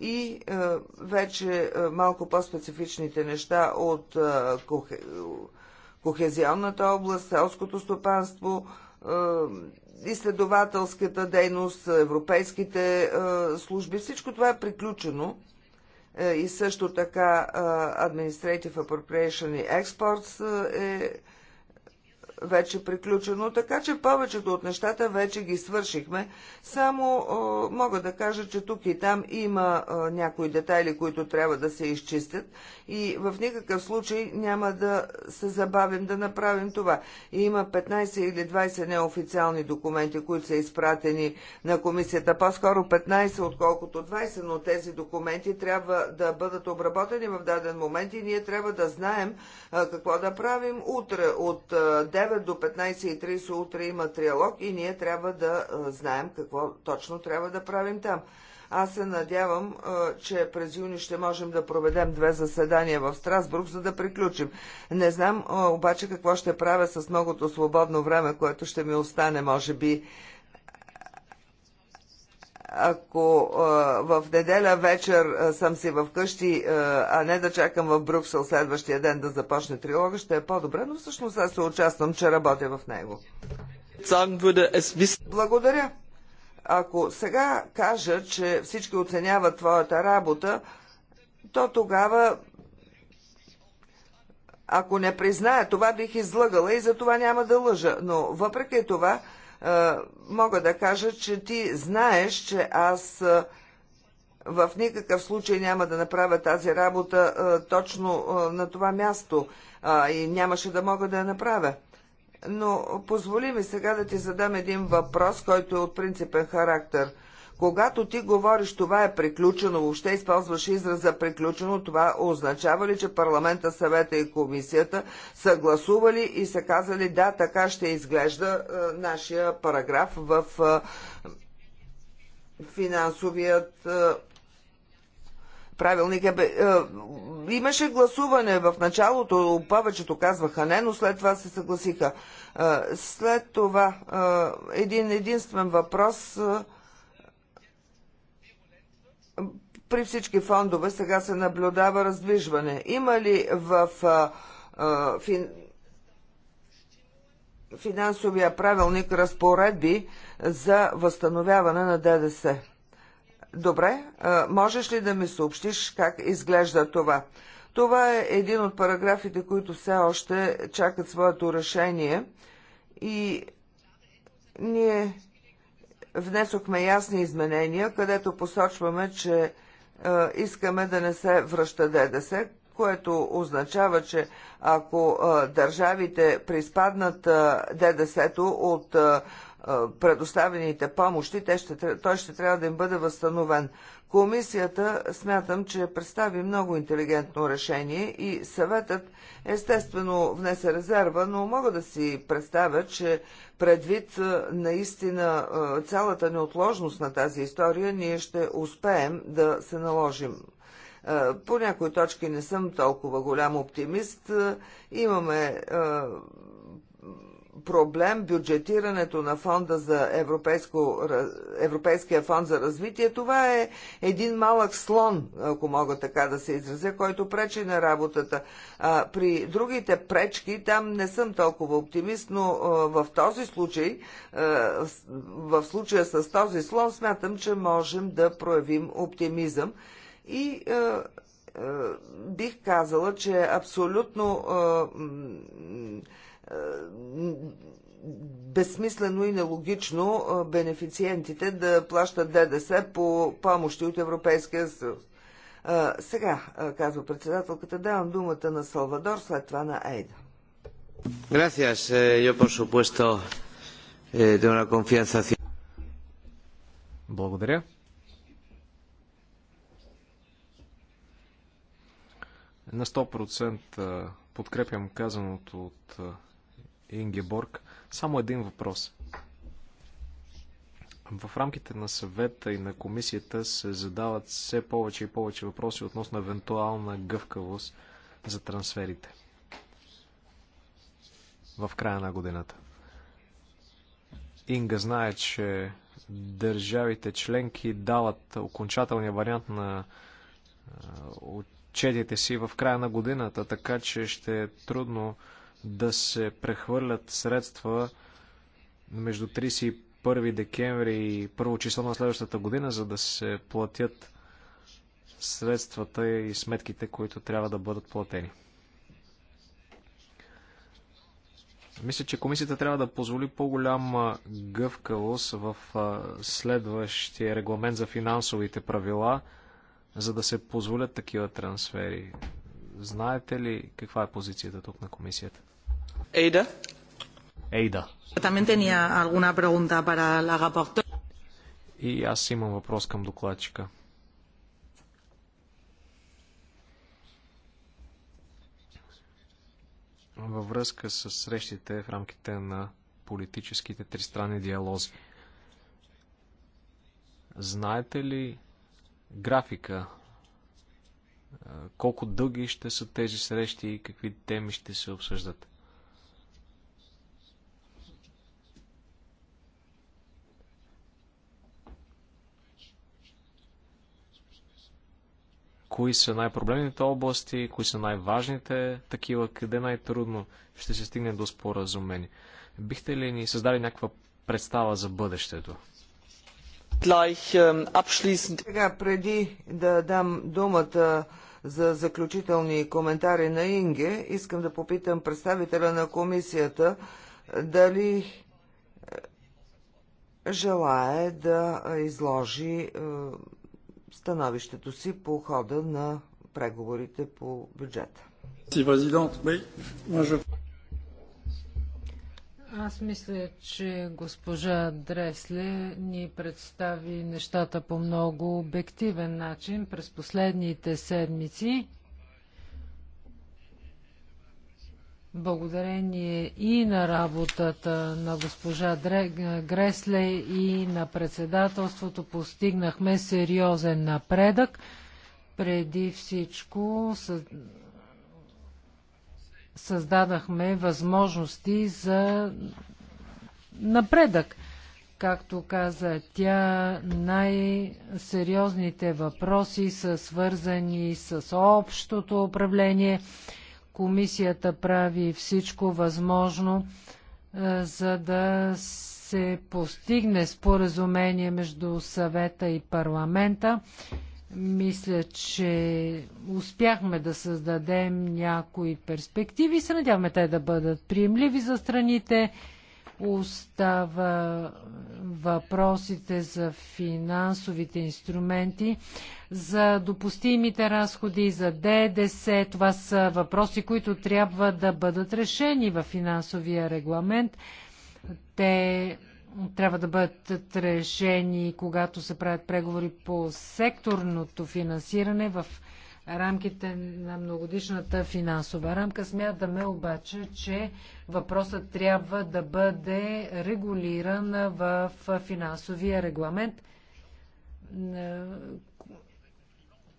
и е, вече е, малко по-специфичните неща от кохезионната област, селското стопанство, изследователската дейност, европейските е, служби, всичко това е приключено е, и също така е, Administrative Appropriation и Exports е вече приключено, така че повечето от нещата вече ги свършихме. Само а, мога да кажа, че тук и там има а, някои детайли, които трябва да се изчистят и в никакъв случай няма да се забавим да направим това. И има 15 или 20 неофициални документи, които са изпратени на комисията. По-скоро 15, отколкото 20, но тези документи трябва да бъдат обработени в даден момент и ние трябва да знаем а, какво да правим утре от 9 9 до 15.30 утре има триалог и ние трябва да знаем какво точно трябва да правим там. Аз се надявам, че през юни ще можем да проведем две заседания в Страсбург, за да приключим. Не знам обаче какво ще правя с многото свободно време, което ще ми остане, може би ако а, в неделя вечер а, съм си в къщи, а, а не да чакам в Брюксел следващия ден да започне трилога, ще е по-добре, но всъщност аз се участвам, че работя в него. Благодаря. Ако сега кажа, че всички оценяват твоята работа, то тогава ако не призная това, бих излъгала и за това няма да лъжа. Но въпреки това, е, мога да кажа, че ти знаеш, че аз е, в никакъв случай няма да направя тази работа е, точно на това място и нямаше да мога да я направя. Но позволи ми сега да ти задам един въпрос, който е от принципен характер – когато ти говориш това е приключено, въобще използваш израза приключено, това означава ли, че парламента, съвета и комисията са гласували и са казали да, така ще изглежда а, е, нашия параграф в а, е, финансовият а, е, правилник е, а, имаше гласуване в началото, повечето казваха не, но след това се съгласиха. А, след това а, един единствен въпрос А, при всички фондове сега се наблюдава раздвижване. Има ли в а, а, фин... финансовия правилник разпоредби за възстановяване на ДДС? Добре, а, можеш ли да ми съобщиш как изглежда това? Това е един от параграфите, които все още чакат своето решение и ние внесохме ясни изменения, където посочваме, че е, искаме да не се връща ДДС, което означава, че ако е, държавите приспаднат е, ДДС-то от предоставените помощи, той ще трябва да им бъде възстановен. Комисията смятам, че представи много интелигентно решение и съветът естествено внесе резерва, но мога да си представя, че предвид наистина цялата неотложност на тази история, ние ще успеем да се наложим. По някои точки не съм толкова голям оптимист. Имаме проблем бюджетирането на фонда за Европейско, Европейския фонд за развитие. Това е един малък слон, ако мога така да се изразя, който пречи на работата. А, при другите пречки там не съм толкова оптимист, но а, в този случай, а, в случая с този слон, смятам, че можем да проявим оптимизъм. И а, бих казала, че е абсолютно а, безсмислено и нелогично бенефициентите да плащат ДДС по помощи от Европейския съюз. Сега, казва председателката, давам думата на Салвадор, след това на Ейда. Gracias. Eh, yo, por supuesto, eh, tengo una confianza. Благодаря. На 100% подкрепям казаното от Ингеборг. Само един въпрос. В рамките на съвета и на комисията се задават все повече и повече въпроси относно евентуална гъвкавост за трансферите в края на годината. Инга знае, че държавите членки дават окончателния вариант на отчетите си в края на годината, така че ще е трудно да се прехвърлят средства между 31 декември и 1 число на следващата година, за да се платят средствата и сметките, които трябва да бъдат платени. Мисля, че комисията трябва да позволи по-голяма гъвкавост в следващия регламент за финансовите правила, за да се позволят такива трансфери. Знаете ли каква е позицията тук на комисията? Ейда. Ейда. И аз имам въпрос към докладчика. Във връзка с срещите в рамките на политическите тристранни диалози. Знаете ли графика колко дълги ще са тези срещи и какви теми ще се обсъждат. Кои са най-проблемните области, кои са най-важните такива, къде най-трудно ще се стигне до споразумение. Бихте ли ни създали някаква представа за бъдещето? Ähm, Сега, преди да дам думата за заключителни коментари на Инге, искам да попитам представителя на комисията е, дали е, желае да изложи е, становището си по хода на преговорите по бюджета. Аз мисля, че госпожа Дресле ни представи нещата по много обективен начин през последните седмици. Благодарение и на работата на госпожа Гресле и на председателството постигнахме сериозен напредък. Преди всичко създадахме възможности за напредък. Както каза тя, най-сериозните въпроси са свързани с общото управление. Комисията прави всичко възможно, е, за да се постигне споразумение между съвета и парламента мисля, че успяхме да създадем някои перспективи и се надяваме те да бъдат приемливи за страните. Остава въпросите за финансовите инструменти, за допустимите разходи, за ДДС. Това са въпроси, които трябва да бъдат решени в финансовия регламент. Те трябва да бъдат решени, когато се правят преговори по секторното финансиране в рамките на многодишната финансова рамка. Смятаме обаче, че въпросът трябва да бъде регулиран в финансовия регламент.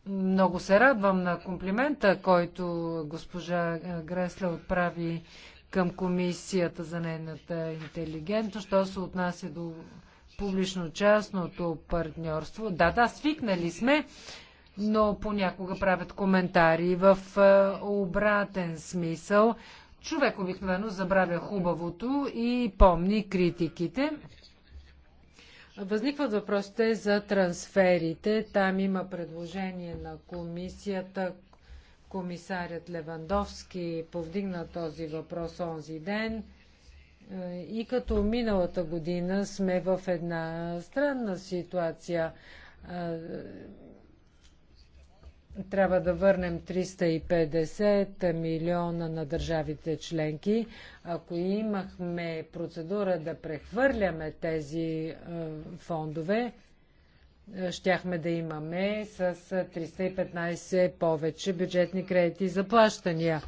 Много се радвам на комплимента, който госпожа Гресле отправи към комисията за нейната интелигентност, що се отнася до публично-частното партньорство. Да, да, свикнали сме, но понякога правят коментари в е, обратен смисъл. Човек обикновено забравя хубавото и помни критиките. Възникват въпросите за трансферите. Там има предложение на комисията, Комисарят Левандовски повдигна този въпрос онзи ден. Е, и като миналата година сме в една странна ситуация. Е, трябва да върнем 350 милиона на държавите членки. Ако имахме процедура да прехвърляме тези е, фондове, е, щяхме да имаме с 315 е, повече бюджетни кредити за плащания.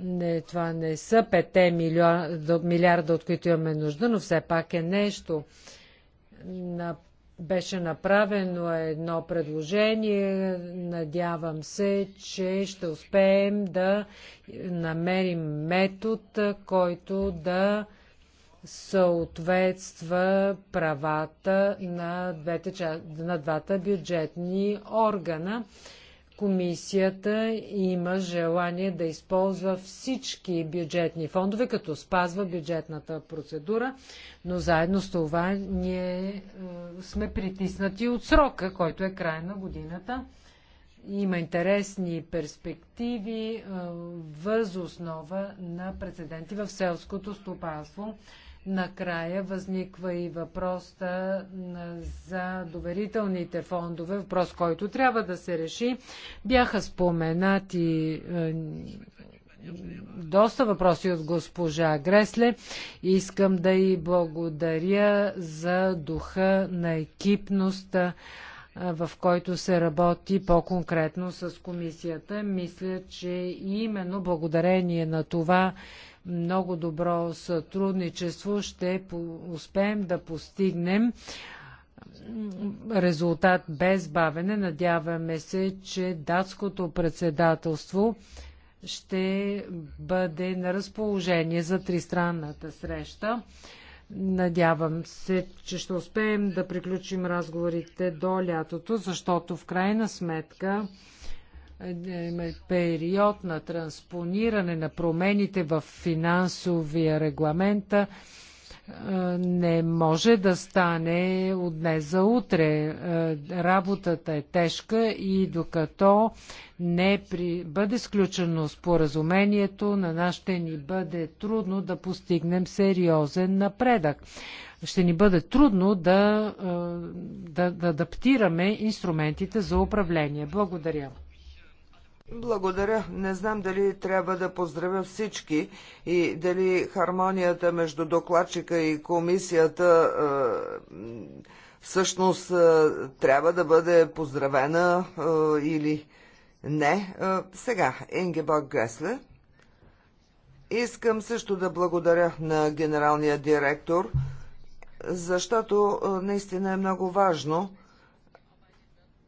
Не, това не са 5 милиарда, милиарда, от които имаме нужда, но все пак е нещо. На, беше направено едно предложение. Надявам се, че ще успеем да намерим метод, е, който да съответства правата на, двете, на двата бюджетни органа. Комисията има желание да използва всички бюджетни фондове, като спазва бюджетната процедура, но заедно с това ние е, сме притиснати от срока, който е край на годината. Има интересни перспективи е, възоснова основа на прецеденти в селското стопанство. Накрая възниква и въпроса за доверителните фондове, въпрос, който трябва да се реши. Бяха споменати е, доста въпроси от госпожа Гресле. Искам да й благодаря за духа на екипността в който се работи по-конкретно с комисията. Мисля, че именно благодарение на това много добро сътрудничество ще успеем да постигнем резултат без бавене. Надяваме се, че датското председателство ще бъде на разположение за тристранната среща. Надявам се, че ще успеем да приключим разговорите до лятото, защото в крайна сметка е, период на транспониране на промените в финансовия регламент не може да стане от днес за утре. Работата е тежка и докато не при... бъде сключено споразумението, на нас ще ни бъде трудно да постигнем сериозен напредък. Ще ни бъде трудно да, да, да адаптираме инструментите за управление. Благодаря. Благодаря. Не знам дали трябва да поздравя всички и дали хармонията между докладчика и комисията е, всъщност е, трябва да бъде поздравена е, или не. Сега, Ингеборг Гресле. Искам също да благодаря на генералния директор, защото наистина е много важно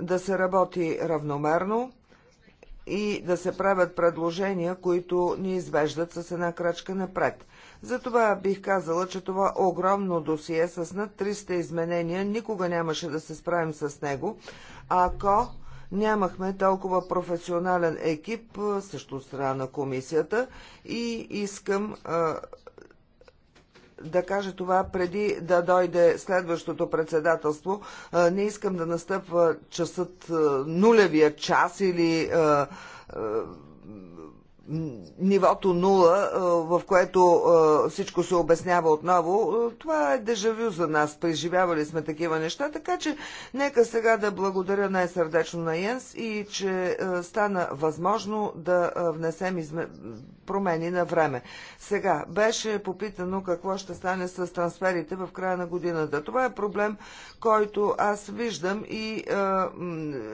да се работи равномерно и да се правят предложения, които ни извеждат с една крачка напред. Затова бих казала, че това огромно досие с над 300 изменения никога нямаше да се справим с него, ако нямахме толкова професионален екип също страна на комисията и искам да кажа това преди да дойде следващото председателство. Не искам да настъпва часът нулевия час или нивото нула, в което всичко се обяснява отново, това е дежавю за нас. Преживявали сме такива неща, така че нека сега да благодаря най-сърдечно на Йенс и че стана възможно да внесем изме... промени на време. Сега беше попитано какво ще стане с трансферите в края на годината. Това е проблем, който аз виждам и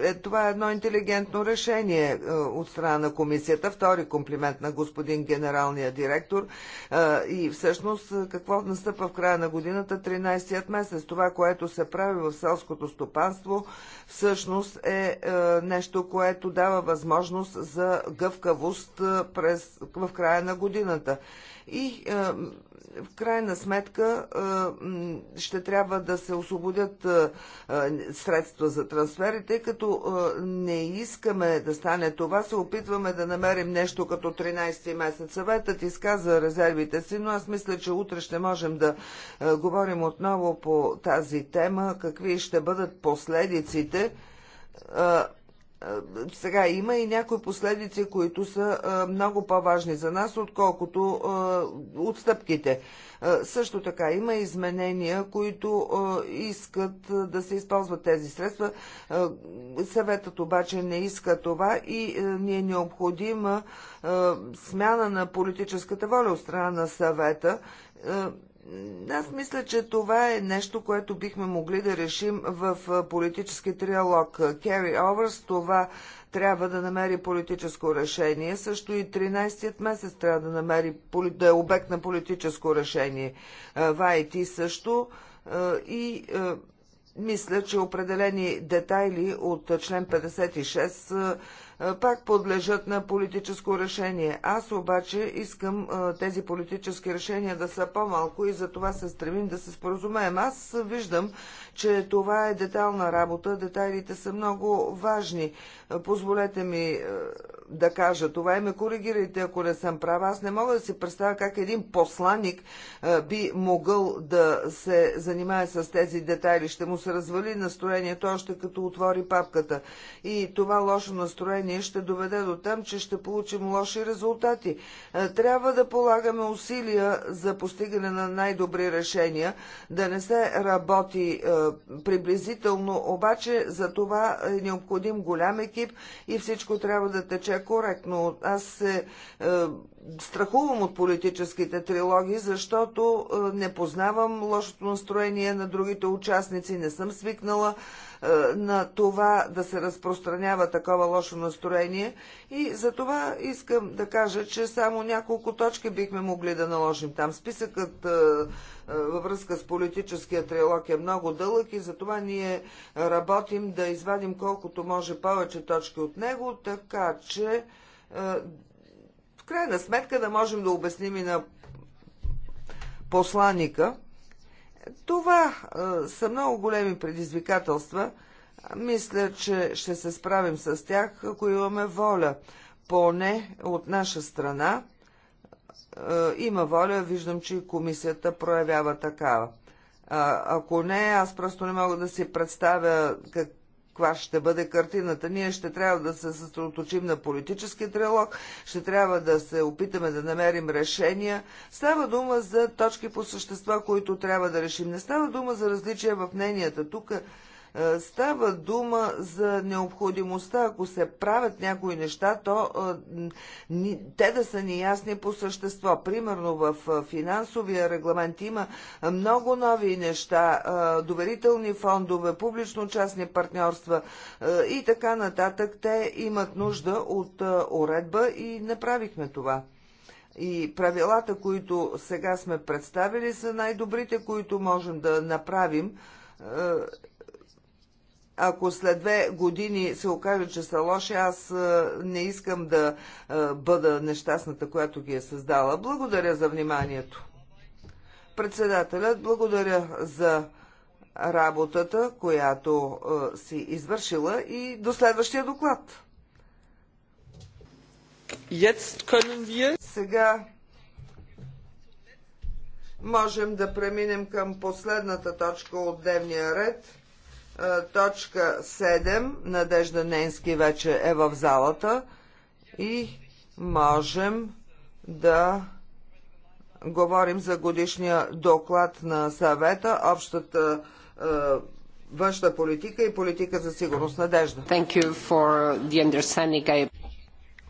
е, това е едно интелигентно решение от страна на комисията. Втори комитет комплимент на господин генералния директор. Е, и всъщност е, какво настъпва в края на годината, 13-тият месец? Това, което се прави в селското стопанство, всъщност е, е нещо, което дава възможност за гъвкавост през, в края на годината. И в крайна сметка ще трябва да се освободят средства за трансфери, тъй като не искаме да стане това, се опитваме да намерим нещо като 13-ти месец. Съветът изказа резервите си, но аз мисля, че утре ще можем да говорим отново по тази тема, какви ще бъдат последиците сега има и някои последици, които са много по-важни за нас, отколкото отстъпките. Също така има изменения, които искат да се използват тези средства. Съветът обаче не иска това и ни е необходима смяна на политическата воля от страна на съвета аз мисля, че това е нещо, което бихме могли да решим в политически триалог. Кери Оверс, това трябва да намери политическо решение. Също и 13-тият месец трябва да, намери, да е обект на политическо решение. Вайти също. И мисля, че определени детайли от член 56 е, пак подлежат на политическо решение. Аз обаче искам е, тези политически решения да са по-малко и за това се стремим да се споразумеем. Аз виждам, че това е детална работа, детайлите са много важни. Е, позволете ми да кажа това и ме коригирайте, ако не съм права. Аз не мога да си представя как един посланник би могъл да се занимае с тези детайли. Ще му се развали настроението още като отвори папката. И това лошо настроение решение ще доведе до там, че ще получим лоши резултати. Е, трябва да полагаме усилия за постигане на най-добри решения, да не се работи е, приблизително, обаче за това е необходим голям екип и всичко трябва да тече коректно. Аз се е, страхувам от политическите трилоги, защото е, не познавам лошото настроение на другите участници, не съм свикнала е, на това да се разпространява такова лошо настроение и за това искам да кажа, че само няколко точки бихме могли да наложим там. Списъкът е, във връзка с политическия трилог е много дълъг и затова ние работим да извадим колкото може повече точки от него, така че в крайна сметка да можем да обясним и на посланика. Това е, са много големи предизвикателства. Мисля, че ще се справим с тях, ако имаме воля. Поне от наша страна е, има воля, виждам, че и комисията проявява такава. А, ако не, аз просто не мога да си представя как, каква ще бъде картината. Ние ще трябва да се съсредоточим на политически триалог, ще трябва да се опитаме да намерим решения. Става дума за точки по същества, които трябва да решим. Не става дума за различия в мненията. Тук е, става дума за необходимостта, ако се правят някои неща, то е, те да са неясни по същество. Примерно в е, финансовия регламент има много нови неща, доверителни фондове, публично-частни партньорства и така нататък. Те имат нужда от уредба и направихме това. И правилата, които сега сме представили, са най-добрите, които можем да направим ако след две години се окаже, че са лоши, аз не искам да бъда нещастната, която ги е създала. Благодаря за вниманието. Председателят, благодаря за работата, която си извършила и до следващия доклад. Сега можем да преминем към последната точка от дневния ред – е, точка 7. Надежда Ненски вече е в залата и можем да говорим за годишния доклад на съвета, общата е, външна политика и политика за сигурност. Надежда. Thank you for the understanding.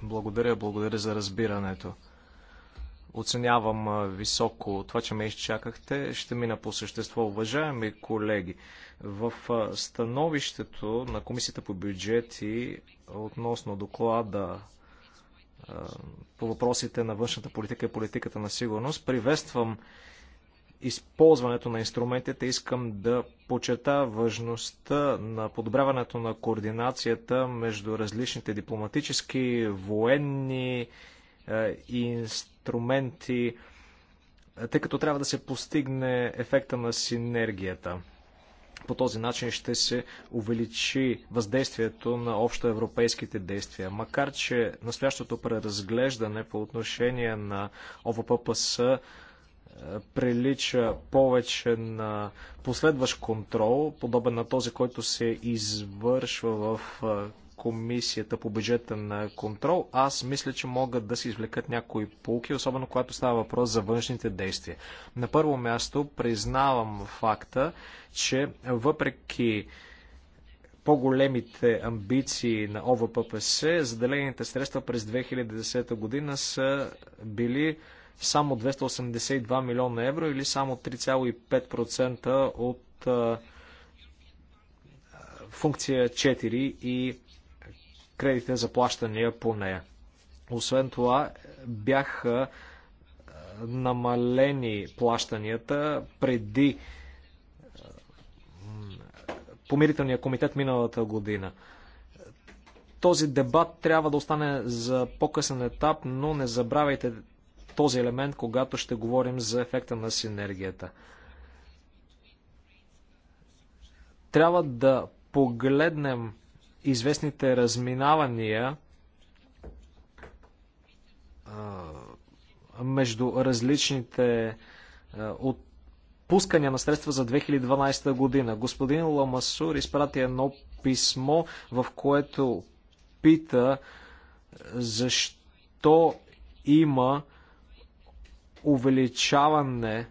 Благодаря, благодаря за разбирането. Оценявам високо това, че ме изчакахте. Ще мина по същество. Уважаеми колеги, в становището на Комисията по бюджети относно доклада по въпросите на външната политика и политиката на сигурност, приветствам използването на инструментите, искам да почета важността на подобряването на координацията между различните дипломатически, военни е, инст инструменти, тъй като трябва да се постигне ефекта на синергията. По този начин ще се увеличи въздействието на общоевропейските действия. Макар, че настоящото преразглеждане по отношение на ОВППС е, прилича повече на последващ контрол, подобен на този, който се извършва в е, Комисията по бюджетен контрол, аз мисля, че могат да се извлекат някои полки, особено когато става въпрос за външните действия. На първо място признавам факта, че въпреки по-големите амбиции на ОВППС, заделените средства през 2010 година са били само 282 милиона евро или само 3,5% от функция 4 и кредитите за плащания по нея. Освен това, бяха намалени плащанията преди помирителния комитет миналата година. Този дебат трябва да остане за по-късен етап, но не забравяйте този елемент, когато ще говорим за ефекта на синергията. Трябва да погледнем известните разминавания между различните отпускания на средства за 2012 година. Господин Ламасур изпрати едно писмо, в което пита защо има увеличаване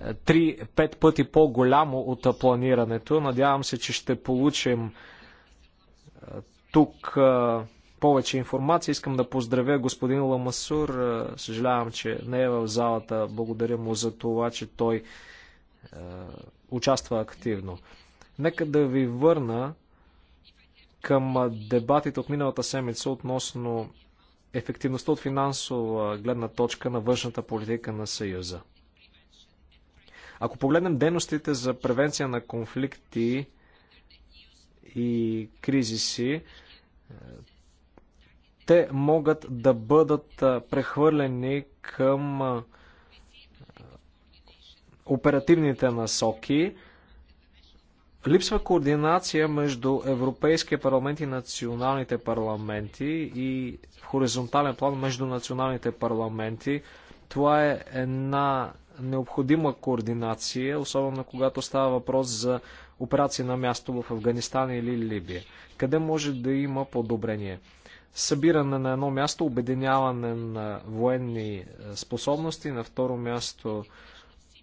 3-5 пъти по-голямо от планирането. Надявам се, че ще получим тук повече информация. Искам да поздравя господин Ламасур. Съжалявам, че не е в залата. Благодаря му за това, че той участва активно. Нека да ви върна към дебатите от миналата седмица относно ефективността от финансова гледна точка на външната политика на Съюза. Ако погледнем дейностите за превенция на конфликти и кризиси, е, те могат да бъдат е, прехвърлени към е, оперативните насоки. Липсва координация между Европейския парламент и националните парламенти и в хоризонтален план между националните парламенти. Това е една необходима координация, особено когато става въпрос за операции на място в Афганистан или Либия. Къде може да има подобрение? Събиране на едно място, обединяване на военни е, способности, на второ място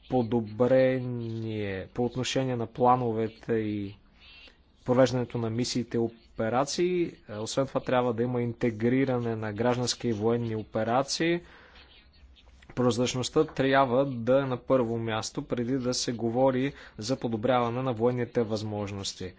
подобрение по отношение на плановете и провеждането на мисиите операции. Е, освен това трябва да има интегриране на граждански и военни операции – Прозрачността трябва да е на първо място, преди да се говори за подобряване на военните възможности.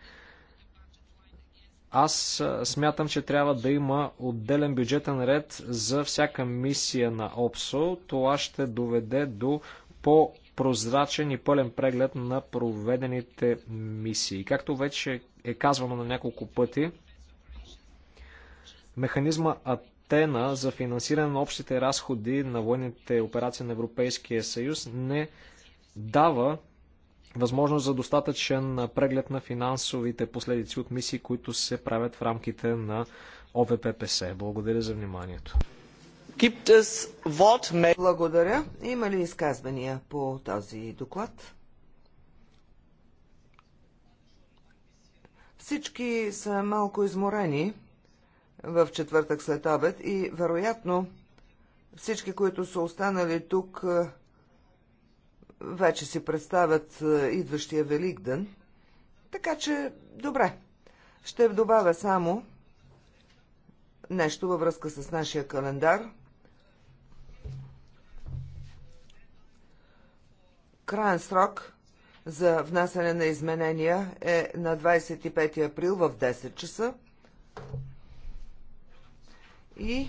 Аз смятам, че трябва да има отделен бюджетен ред за всяка мисия на ОПСО. Това ще доведе до по-прозрачен и пълен преглед на проведените мисии. Както вече е казвано на няколко пъти, механизма АТ платена за финансиране на общите разходи на военните операции на Европейския съюз, не дава възможност за достатъчен преглед на финансовите последици от мисии, които се правят в рамките на ОВППС. Благодаря за вниманието. Благодаря. Има ли изказвания по този доклад? Всички са малко изморени в четвъртък след обед и вероятно всички, които са останали тук, е, вече си представят е, идващия Велик ден. Така че, добре, ще добавя само нещо във връзка с нашия календар. Краен срок за внасяне на изменения е на 25 април в 10 часа и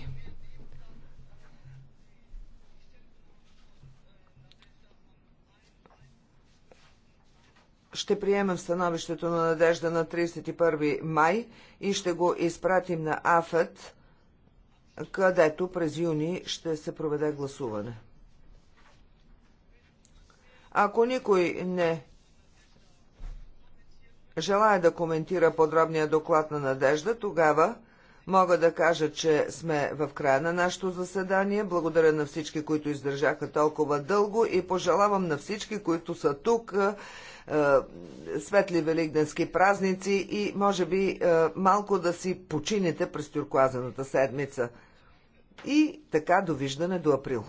ще приемем становището на Надежда на 31 май и ще го изпратим на АФЕТ, където през юни ще се проведе гласуване. Ако никой не желая да коментира подробния доклад на Надежда, тогава Мога да кажа, че сме в края на нашето заседание. Благодаря на всички, които издържаха толкова дълго и пожелавам на всички, които са тук, е, е, светли великденски празници и може би е, малко да си почините през тюркуазената седмица. И така довиждане до април.